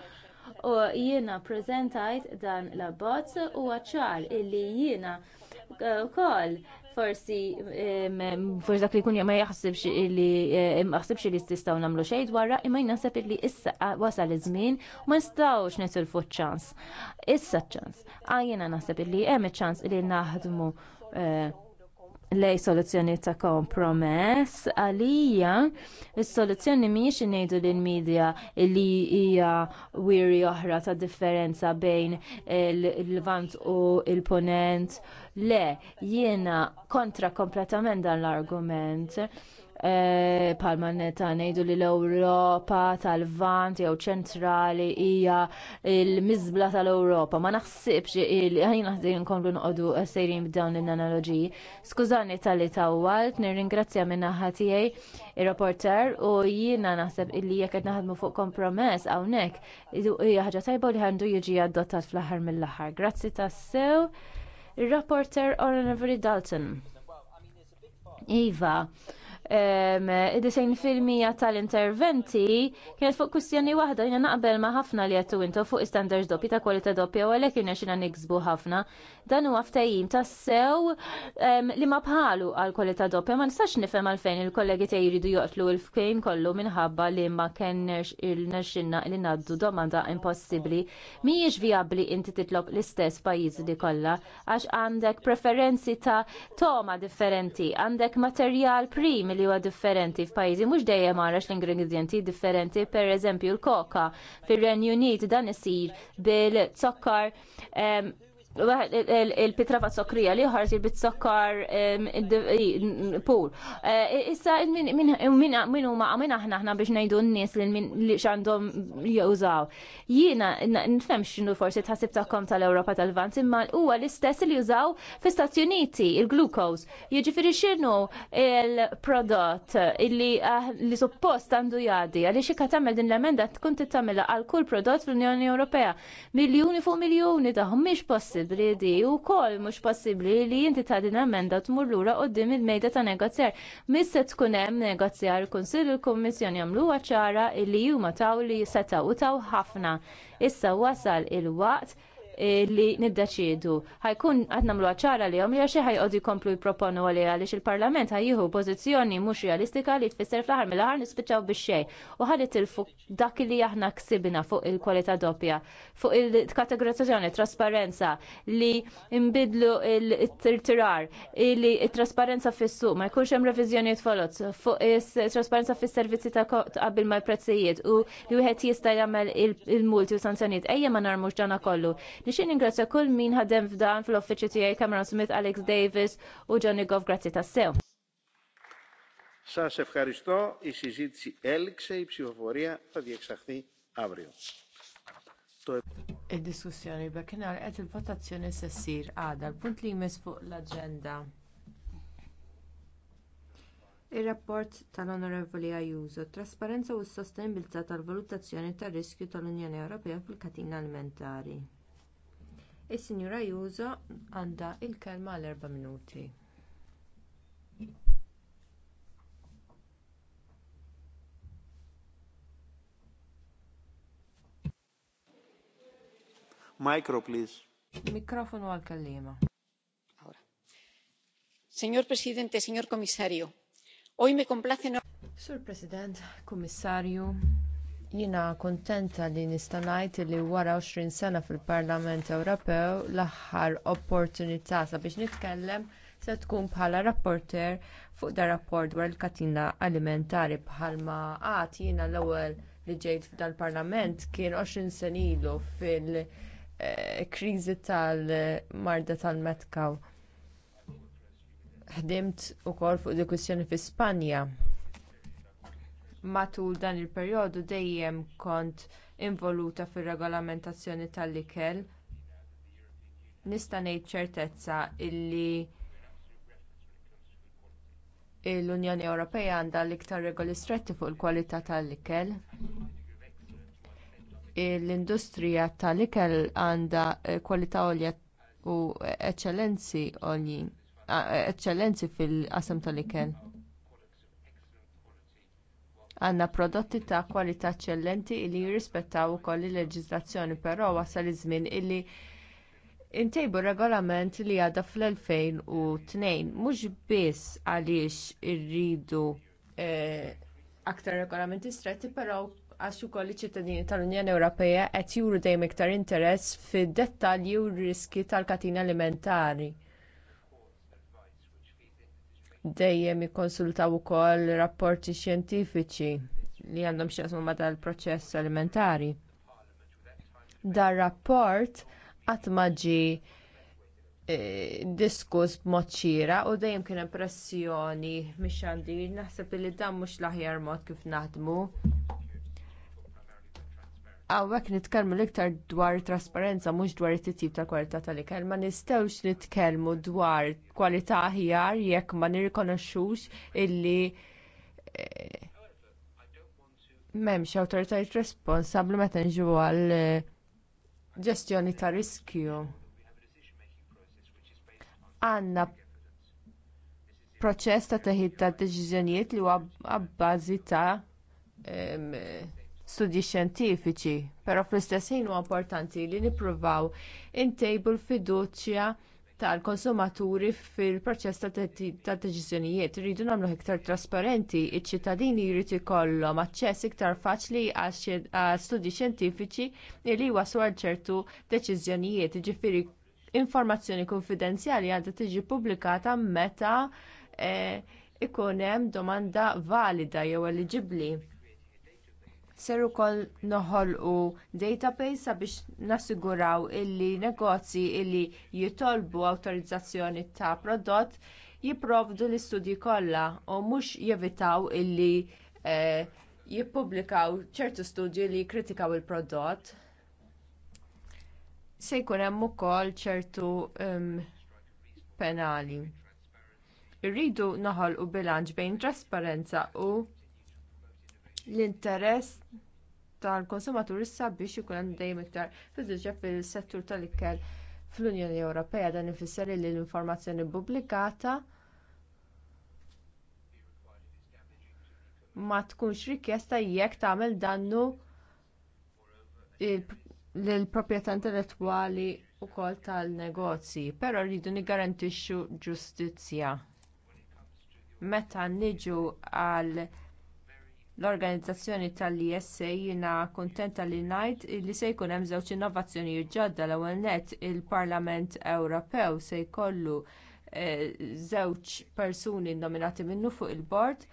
u jiena ppreżentajt dan l-abbozz huwa ċar illi jiena eh, kol forsi forsi dak li jkun ma jaħsibx li eh, maħsibx li tistgħu nagħmlu xejn dwarra imma jnaħseb li issa wasal iż-żmien ma nistgħux nesil ċ-ċans. Issa ċ-ċans. Għajjena ah, naħseb li hemm iċ-ċans li naħdmu eh, lej soluzzjoni ta' kompromess għalija s soluzzjoni mhijiex ngħidu lill media li hija wiri oħra ta' differenza bejn il lvant u l punent Le, jiena kontra kompletament dan l-argument Eh, palma neta ngħidu li l-Ewropa tal-Vant jew ċentrali hija l-miżbla tal-Ewropa. Ma naħsibx ħajn naħdin nkomplu noqogħdu sejrin b'dawn l-analoġiji. Skużani tal-li tawwalt, nirringrazzja minn ħati tiegħi ir-rapporter u jiena naħseb illi jekk qed naħdmu fuq kompromess hawnhekk hija ħaġa tajba li għandu jiġi adottat fl-aħħar mill-aħħar. Grazzi tassew. Ir-rapporter Honorary Dalton. Iva, id-disajn fil-mija tal-interventi kienet fuq kustjoni waħda jina naqbel ma ħafna li għattu intu fuq standards doppi ta' kwalità doppja u għalek jina xina niksbu ħafna. Dan huwa ftajim ta' sew li ma bħalu għal kwalità doppja ma nistax nifhem għalfejn il-kollegi ta jridu joqtlu l-fkejn kollu minħabba li ma kennex il-nexxinna li naddu domanda impossibbli. Mhijiex viabli inti titlob l-istess pajiz li kollha għax għandek preferenzi ta' toma differenti, għandek materjal prim sistemi li huwa differenti f'pajjiżi mhux dejjem għarax l-ingredjenti differenti, pereżempju l-koka. Fir-Renju Unit dan isir bil-zokkar il-pitra fa' sokrija li ħarġ il-bit sokkar pur. Eh, issa min huma min aħna aħna biex ngħidu n-nies li x'għandhom jużaw. Jiena nifhem x'inhu forsi tħassib tagħkom tal-Ewropa tal-Vant imma huwa l-istess li jużaw fl-Istati Uniti il-glucose. Jiġifieri x'inhu il-prodott illi ah, li suppost għandu jadi għaliex ikka tagħmel din l-emenda tkun tittamela għal kull prodott fl-Unjoni Ewropea. Miljuni fuq miljuni tagħhom mhix possib possibbli di u kol mhux possibbli li inti ta' din emenda tmur lura dim il-mejda ta' negozjar. Mis se tkun hemm negozjar il-Kunsill il-Kummissjoni jagħmluha ċara li huma taw li setgħu taw ħafna. Issa wasal il-waqt li niddeċiedu. Ħajkun qed nagħmlu ċara li hom li għaxi jkomplu jproponu għalija għaliex il-Parlament ħajjieħu pożizzjoni mhux realistika li tfisser fl-aħħar mill-aħħar nispiċċaw bix-xejn u ħalli tilfu dak li aħna ksibna fuq il-kwalità doppja, fuq il-kategorizzazzjoni, trasparenza li nbidlu il-tirar, li trasparenza fis-suq ma jkunx hemm reviżjonijiet folot, fuq is-trasparenza fis-servizzi ta' qabel mal-prezzijiet u li wieħed jista' jagħmel il-multi u sanzjonijiet ejja ma narmux dana kollu Nixin ningrazzja kull min ħadem f'dan fl-offiċi tiegħi Cameron Smith, Alex Davis u Johnny Goff grazzi tassew. Σας ευχαριστώ. Η συζήτηση έληξε. Η ψηφοφορία θα διεξαχθεί αύριο. Id-diskussjoni bekinar qed il-votazzjoni se ssir għadha. l-punt li jmiss fuq l-aġenda. Ir-rapport tal-Onorevoli Ajuso, trasparenza u s-sostenibilità tal-valutazzjoni tar-riskju tal-Unjoni Ewropea fil-katina alimentari. Is-Sinjura Juso għandha il kelma għal erba' minuti. Micro, please. Mikrofonu għal kellima. Señor Presidente, señor Comisario, hoy me complace Sur President, Commissario, jiena kuntenta li nista' ngħid li wara 20 sena fil-parlament ewropew l-aħħar opportunità sabiex nitkellem se tkun bħala rapporter fuq dan rapport dwar il-katina alimentari bħalma qatt jiena l-ewwel li ġejt f'dan il-parlament kien 20 sena ilu fil-kriżi eh, tal-marda tal-metkaw ħdimt ukoll fuq il kwistjoni fi spanja matul dan il-perjodu dejjem kont involuta fir-regolamentazzjoni tal-ikel nista' ngħid ċertezza li l-unjoni ewropea għandha l-iktar regoli stretti fuq il-kwalità tal-ikel l-industrija tal-ikel għandha eh, kwalità għolja u eċċellenzi fil-qasam tal-ikel għandna prodotti ta' kwalità eċċellenti li jirrispettaw ukoll il-leġiżlazzjoni però wasal iż-żmien illi ntejbu regolament li għadha fl-2002 mhux biss għaliex irridu eh, aktar regolamenti stretti però għax ukoll iċ-ċittadini tal-Unjoni Ewropea qed juru dejjem iktar interess fid-dettalji u r-riski tal-katina alimentari dejjem ikkonsultaw ukoll rapporti xjentifiċi li għandhom x'jaqsmu ma' dal-proċess alimentari. Dar rapport qatt ma ġie diskuss b'mod xira u dejjem kien impressjoni mhix għandi naħseb li dan mhux l-aħjar mod kif naħdmu. Hawnhekk nitkellmu l-iktar dwar trasparenza mhux dwar it-titjib tal-kwalità tal-ikel. Ma nistgħux nitkellmu dwar kwalità aħjar jekk ma nirrikonoxxux illi eh, m'hemmx awtoritajiet responsabbli meta nġu għal eh, ġestjoni ta' riskju. Għandna proċess ta' teħid ta' deċiżjonijiet li huwa abbażi ta' studji xjentifiċi, però fl-istess ħin huwa importanti li nippruvaw intejbu l-fiduċja tal-konsumaturi fil-proċess ta' deċiżjonijiet irridu nagħmlu iktar trasparenti iċ-ċittadini jrid ikollhom aċċess iktar faċli għal studji xjentifiċi li jwasslu għal ċertu deċiżjonijiet jiġifieri informazzjoni konfidenzjali għandha tiġi pubblikata meta eh, ikun hemm domanda valida jew eliġibbli ser ukoll noħolqu database sabiex nassiguraw illi negozji illi jitolbu awtorizzazzjoni ta' prodott jipprovdu l-istudji kollha u mhux jevitaw illi eh, jippubblikaw ċertu studji li jikkritikaw il-prodott. Se jkun hemm ukoll ċertu ehm, penali. Irridu noħolqu bilanċ bejn trasparenza u l-interess tal-konsumatur issa biex ikun hemm dejjem iktar fiduċja fis-settur tal-ikel fl-Unjoni Ewropea dan ifisser li l-informazzjoni pubblikata ma tkunx rikjesta jekk tagħmel dannu lill-proprjetà intellettwali wkoll tan-negozji, però rridu niggarantixxu ġustizzja. Meta niġu għal l-organizzazzjoni tal isa jiena kuntenta li ngħid li se jkun hemm żewġ innovazzjonijiet ġodda l-ewwel nett il-Parlament Ewropew se jkollu eh, żewġ persuni nominati minnu fuq il-bord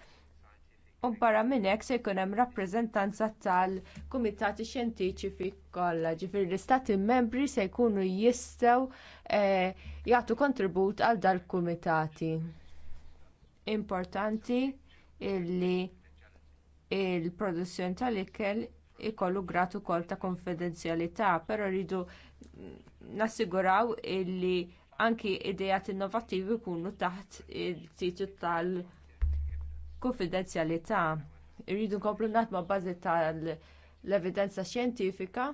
u barra minn hekk se jkun hemm rappreżentanza tal-kumitati xjentifiċi kollha ġifieri l-istati membri se jkunu jistgħu eh, jagħtu kontribut għal dal-kumitati. Importanti illi il-produzzjoni tal-ikel ikollu grat ukoll ta' konfidenzjalità, però rridu nassiguraw li anki idejat innovattivi jkunu taħt it titju tal-konfidenzjalità. Irridu nkomplu naħdmu bażi tal-evidenza xjentifika,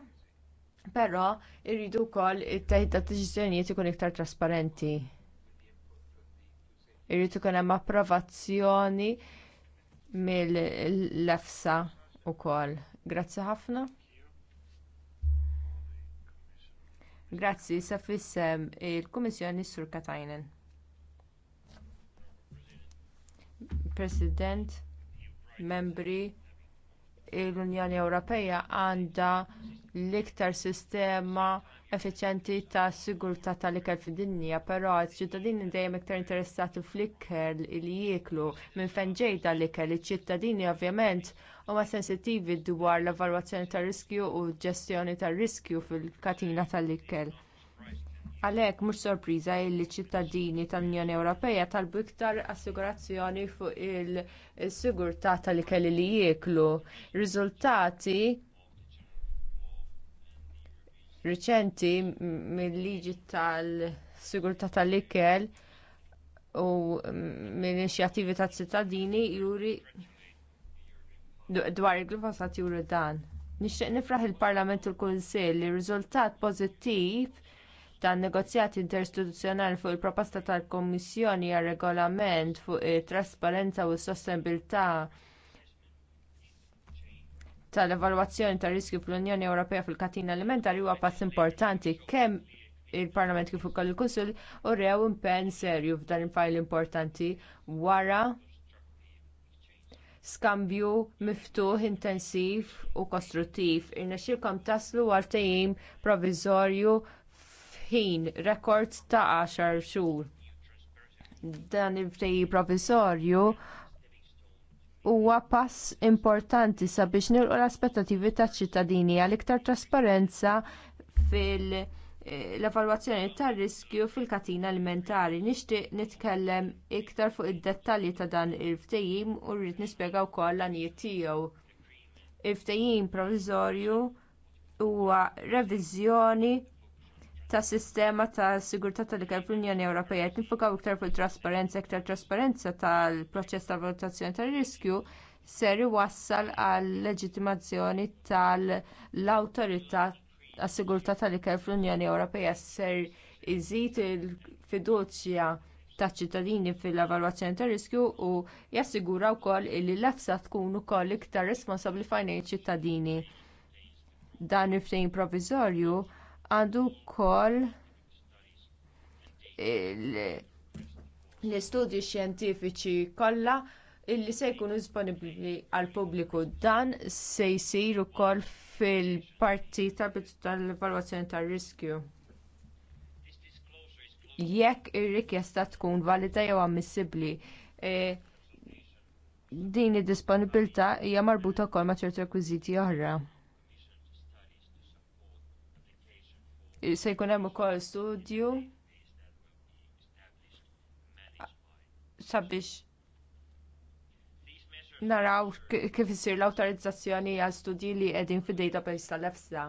però rridu wkoll it-teħid ta' deċiżjonijiet ikun iktar trasparenti. Irridu ikun hemm approvazzjoni mill-lefsa wkoll. Grazzi ħafna. Grazzi, sa fissem il-Kummissjoni Sur Katajnen. President, membri, l-Unjoni Ewropea għandha l-iktar sistema effiċjenti tas sigurtà tal-ikel fid-dinja, però ċ-ċittadini dejjem iktar interessati fl-ikel li jieklu minn fejn ġejda l-ikel. Iċ-ċittadini ovvjament huma sensittivi dwar l-evalwazzjoni tar-riskju u l-ġestjoni tar-riskju fil-katina tal-ikel. Għalhekk mhux sorpriża li ċ-ċittadini tal-Unjoni Ewropea talbu iktar assigurazzjoni fuq is sigurtà tal-ikel li jieklu. Riżultati riċenti mill-liġi tal-sigurtà tal-ikel u mill inċjattivi ta' ċittadini juri dwar il-glifosat juri dan. Nixtieq nifraħ il-Parlament u l-Kunsill li riżultat pożittiv tan negozjati interistituzzjonali fuq il-proposta tal-Kummissjoni għar regolament fuq it-trasparenza u s-sostenibilità tal-evalwazzjoni tar-riskju fl-Unjoni Ewropea fil-katina alimentari huwa pass importanti kemm il-Parlament kif ukoll il-Kunsill u rew impenn serju f'dan il-fajl importanti wara skambju miftuħ intensiv u kostruttiv. Irnexxielkom taslu għal tejjim proviżorju f'ħin rekord ta' għaxar xhur. Dan il-ftehim proviżorju huwa pass importanti sabiex nilqu l-aspettattivi taċ-ċittadini għal iktar trasparenza fil-evalwazzjoni eh, tar-riskju fil-katina alimentari. Nixtieq nitkellem iktar fuq id-dettalji ta' dan il-ftehim u rrid nispjega wkoll l-għanijiet tiegħu. Il-ftehim proviżorju huwa reviżjoni tas sistema ta' sigurtà tal-ikel fl-Unjoni Ewropea qed nifokaw iktar fuq trasparenza iktar trasparenza tal-proċess ta' valutazzjoni tar-riskju ser iwassal għal leġittimazzjoni tal-awtorità għas-sigurtà tal-ikel fl-Unjoni Ewropea ser iżid il-fiduċja taċ-ċittadini fil-evalwazzjoni tar-riskju u jassigura wkoll li l-efsa tkun ukoll iktar responsabbli fajn iċ-ċittadini. Dan il-ftehim proviżorju għadu wkoll l-istudji xjentifiċi kollha illi se jkunu disponibbli għal pubbliku dan se jsir ukoll fil-parti tal-bidu tal-evalwazzjoni tar-riskju. Jekk ir-rikjesta tkun valida jew ammissibbli, e, din id-disponibilità hija marbuta wkoll ma' ċerti rekwiżiti oħra. se jkun hemm ukoll studju sabiex naraw kif isir l-awtorizzazzjoni għal studji li qegħdin fid-database tal-EFSA.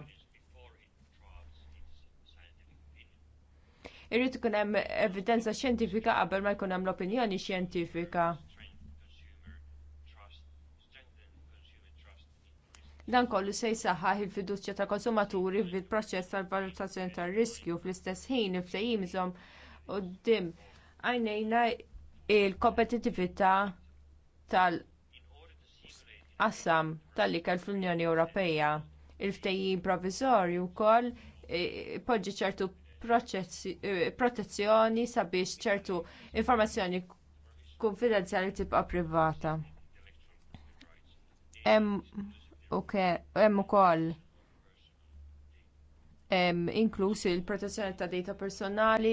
Irrid ikun hemm evidenza xjentifika qabel ma jkun hemm l-opinjoni xjentifika. Dan kollu se jsaħħaħ il-fiduċja tal konsumaturi fil-proċess tal-valutazzjoni tar-riskju fl-istess ħin il-ftehim quddiem għajnejna l-kompetittività tal-qassam tal-ikel fl-Unjoni Ewropea. Il-ftehim proviżorju wkoll e, poġġi ċertu e, protezzjoni sabiex ċertu informazzjoni konfidenzjali tibqa' privata hemm ukoll inkluż il-protezzjoni ta' data personali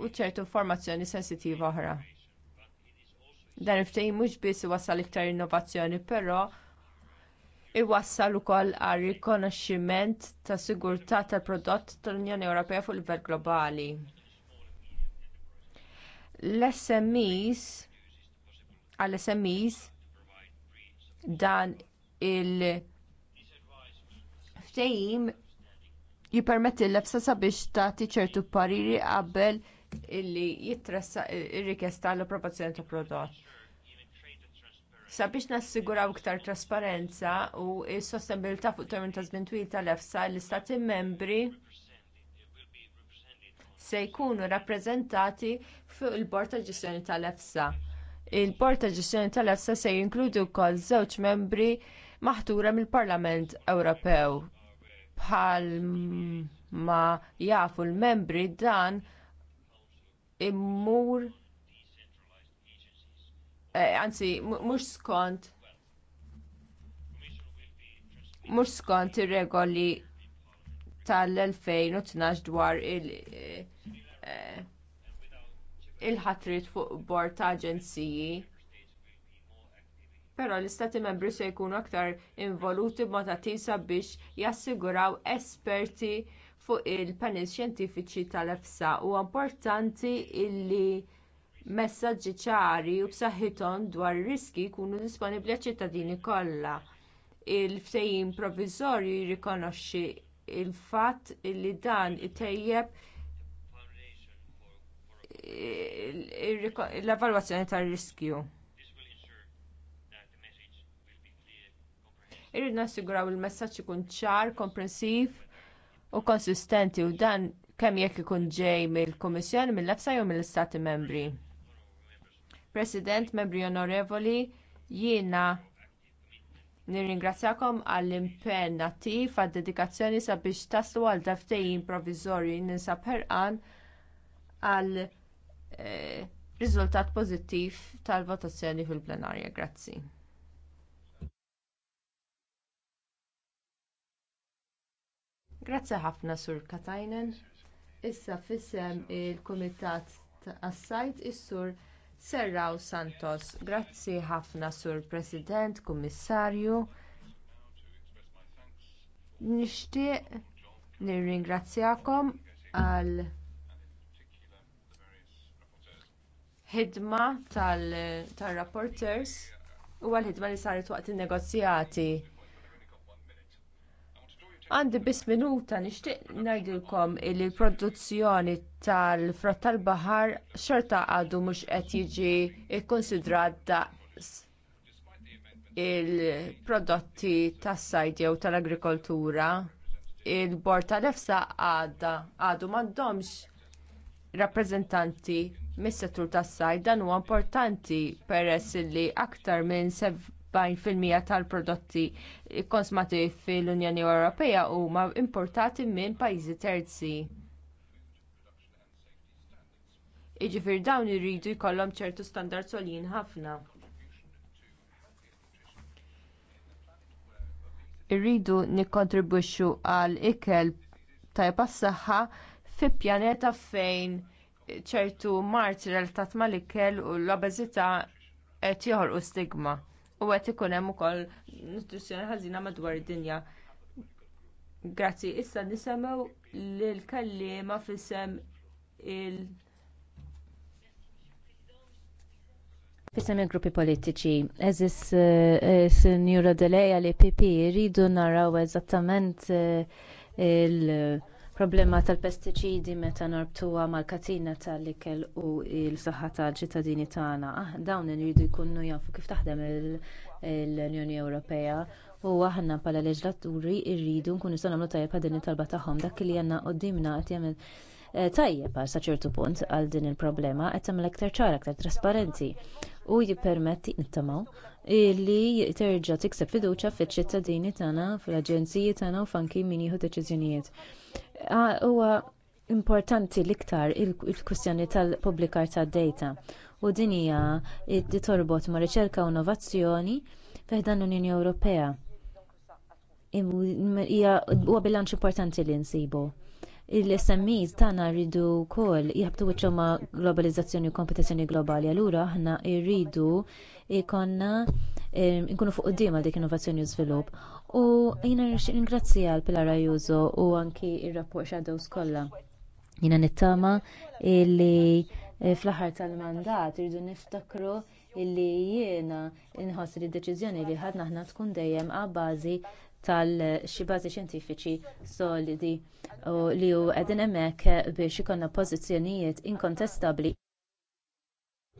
u ċertu informazzjoni sensittiva oħra. Dan il-ftehim mhux biss iwassal iktar innovazzjoni, però iwassal ukoll għal rikonoxximent ta' sigurtà tal-prodott tal-Unjoni Ewropea fuq livell globali. L-SMEs għall-SMEs dan il- ftehim jippermetti l-lefsa sabiex tagħti ċertu pariri qabel illi jitressa ir-rikesta għall approvazzjoni ta' prodott. Sabiex nassiguraw iktar trasparenza u s-sostenibilità fuq termin ta' żmien twil tal-efsa l-istati membri se jkunu rappreżentati fuq il-Bord ta' Ġestjoni tal-EFSA. Il-Bord ta' Ġestjoni tal-EFSA se jinkludi wkoll żewġ membri maħtura mill-Parlament Ewropew. Bħal ma jafu l-membri dan immur eh, anzi mhux skont mhux skont ir-regoli tal-2012 dwar il- eh, eh, il-ħatrit fuq bord ta' aġenziji però l-istati membri se jkunu aktar involuti b'mod attiv sabiex jassiguraw esperti fuq il-panels xjentifiċi tal-efsa huwa importanti li messaġġi ċari u b'saħħithom dwar ir-riski jkunu disponibbli għaċ-ċittadini kollha il-ftehim proviżorju jirrikonoxxi l fatt li dan itejjeb l-evalwazzjoni tar-riskju Irrid nassiguraw il-messaġġ ikun ċar, komprensiv u konsistenti u dan kemm jekk ikun ġej mill-Kummissjoni mill-Efsa jew mill-Istati Membri. President, membri onorevoli, jiena nirringrazzjakom għall-impenn attiv għad-dedikazzjoni sabiex taslu għal daftejn provizorji ninsab ħerqan għal eh, riżultat pożittiv tal-votazzjoni fil-plenarja. Grazzi. Grazzi ħafna Sur Katajnen. Issa fissem il-Kumitat għas-Sajt is-Sur Serraw Santos. Grazzi ħafna Sur President, Kummissarju. Nixtieq nirringrazzjakom għal ħidma tal-rapporters u għal ħidma li saret waqt in-negozjati Għandi biss minuta nixtieq ngħidilkom li l-produzzjoni tal-frott tal-baħar xorta għadu mhux qed jiġi kkunsidrat daqs il-prodotti tas-sajd jew tal-agrikoltura. Il-bord tal-efsa għadha għadu m'għandhomx rappreżentanti mis-settur tas-sajd dan huwa importanti peress li aktar minn fil-mija tal-prodotti konsmati fil-Unjoni Ewropea huma importati minn pajjiżi terzi. Iġifir dawn iridu jkollhom ċertu standard solin ħafna. Irridu nikkontribwixxu għal ikel tajba s-saħħa fi pjaneta fejn ċertu marti relatat mal-ikel u l-obeżità qed joħolqu stigma u għet ikun hemm ukoll nutrizzjoni ħażina madwar id-dinja. Grazzi, issa nisemgħu lil kelliema f'isem il Fissam il-gruppi politiċi, eżis eh, sinjura Deleja li PP rridu naraw eżattament eh, il- problema tal-pestiċidi meta norbtuha mal-katina tal-ikel u l-saħħa tal-ċittadini tagħna ah, dawn iridu jkunu jafu kif taħdem l-Unjoni Ewropea u aħna bħala leġlaturi rridu nkunu nistgħu nagħmlu tajjeb għad dinja it-talba tagħhom dak li għandna qudiemna qed jagħmel Eh, tajjeb għal saċertu punt għal din il-problema qed tagħmel aktar ċara aktar trasparenti u jippermetti nittamaw li terġa' tikseb fiduċja fiċ-ċittadini tagħna, fl-aġenziji tagħna u fanki min jieħu deċiżjonijiet. Ah, huwa importanti l-iktar il-kwistjoni tal-pubblikar tad-data u din hija torbot ma' riċerka u innovazzjoni dan l-Unjoni Ewropea. Huwa bilanċ importanti li nsibu il-SMEs tagħna rridu wkoll jħabtu wiċċhom ma' globalizzazzjoni u kompetizzjoni globali allura aħna rridu jkollna nkunu fuq quddiem għal dik innovazzjoni u żvilupp. U jiena nirringrazzja għal Pilar Ajuso u anki r rapport Shadows kollha. Jiena nittama li eh, fl-aħħar tal-mandat rridu niftakru illi jiena inħoss li d-deċiżjoni li ħadna aħna tkun dejjem għabbażi tal-xi bażi xjentifiċi solidi u li hu qegħdin hemmhekk biex ikollna pożizzjonijiet inkontestabbli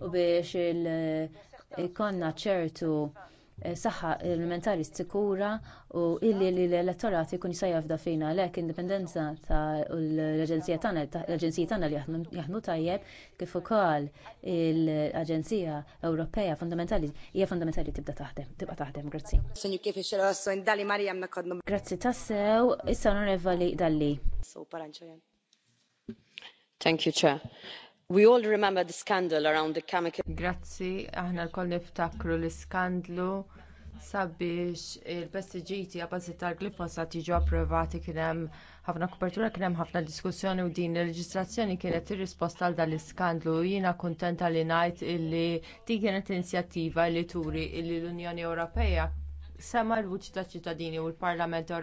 u biex ikollna ċertu Eh, saħħa elementari sikura u illi l-elettorat ikun jista' jafda fejn għalhekk indipendenza ta' l-aġenzija tagħna l aġenzija tagħna li jaħdmu tajjeb kif ukoll l-Aġenzija Ewropea fundamentali hija fundamentali tibda taħdem tibqa' taħdem grazzi. Grazzi tassew, issa onorevoli dalli. So Thank you, Chair. We all remember the scandal around the chemical. Grazzi, aħna l-koll niftakru l-iskandlu sabiex il-pestiġiti għabbażi tal-glifosat jiġu approvati kien hemm ħafna kopertura kien hemm ħafna diskussjoni u din il reġistrazzjoni kienet il risposta għal dan l-iskandlu jiena kuntenta li ngħid illi ti kienet inizjattiva li turi illi l-Unjoni Ewropea sema l-vuċi taċ-ċittadini u l-Parlament Ewropew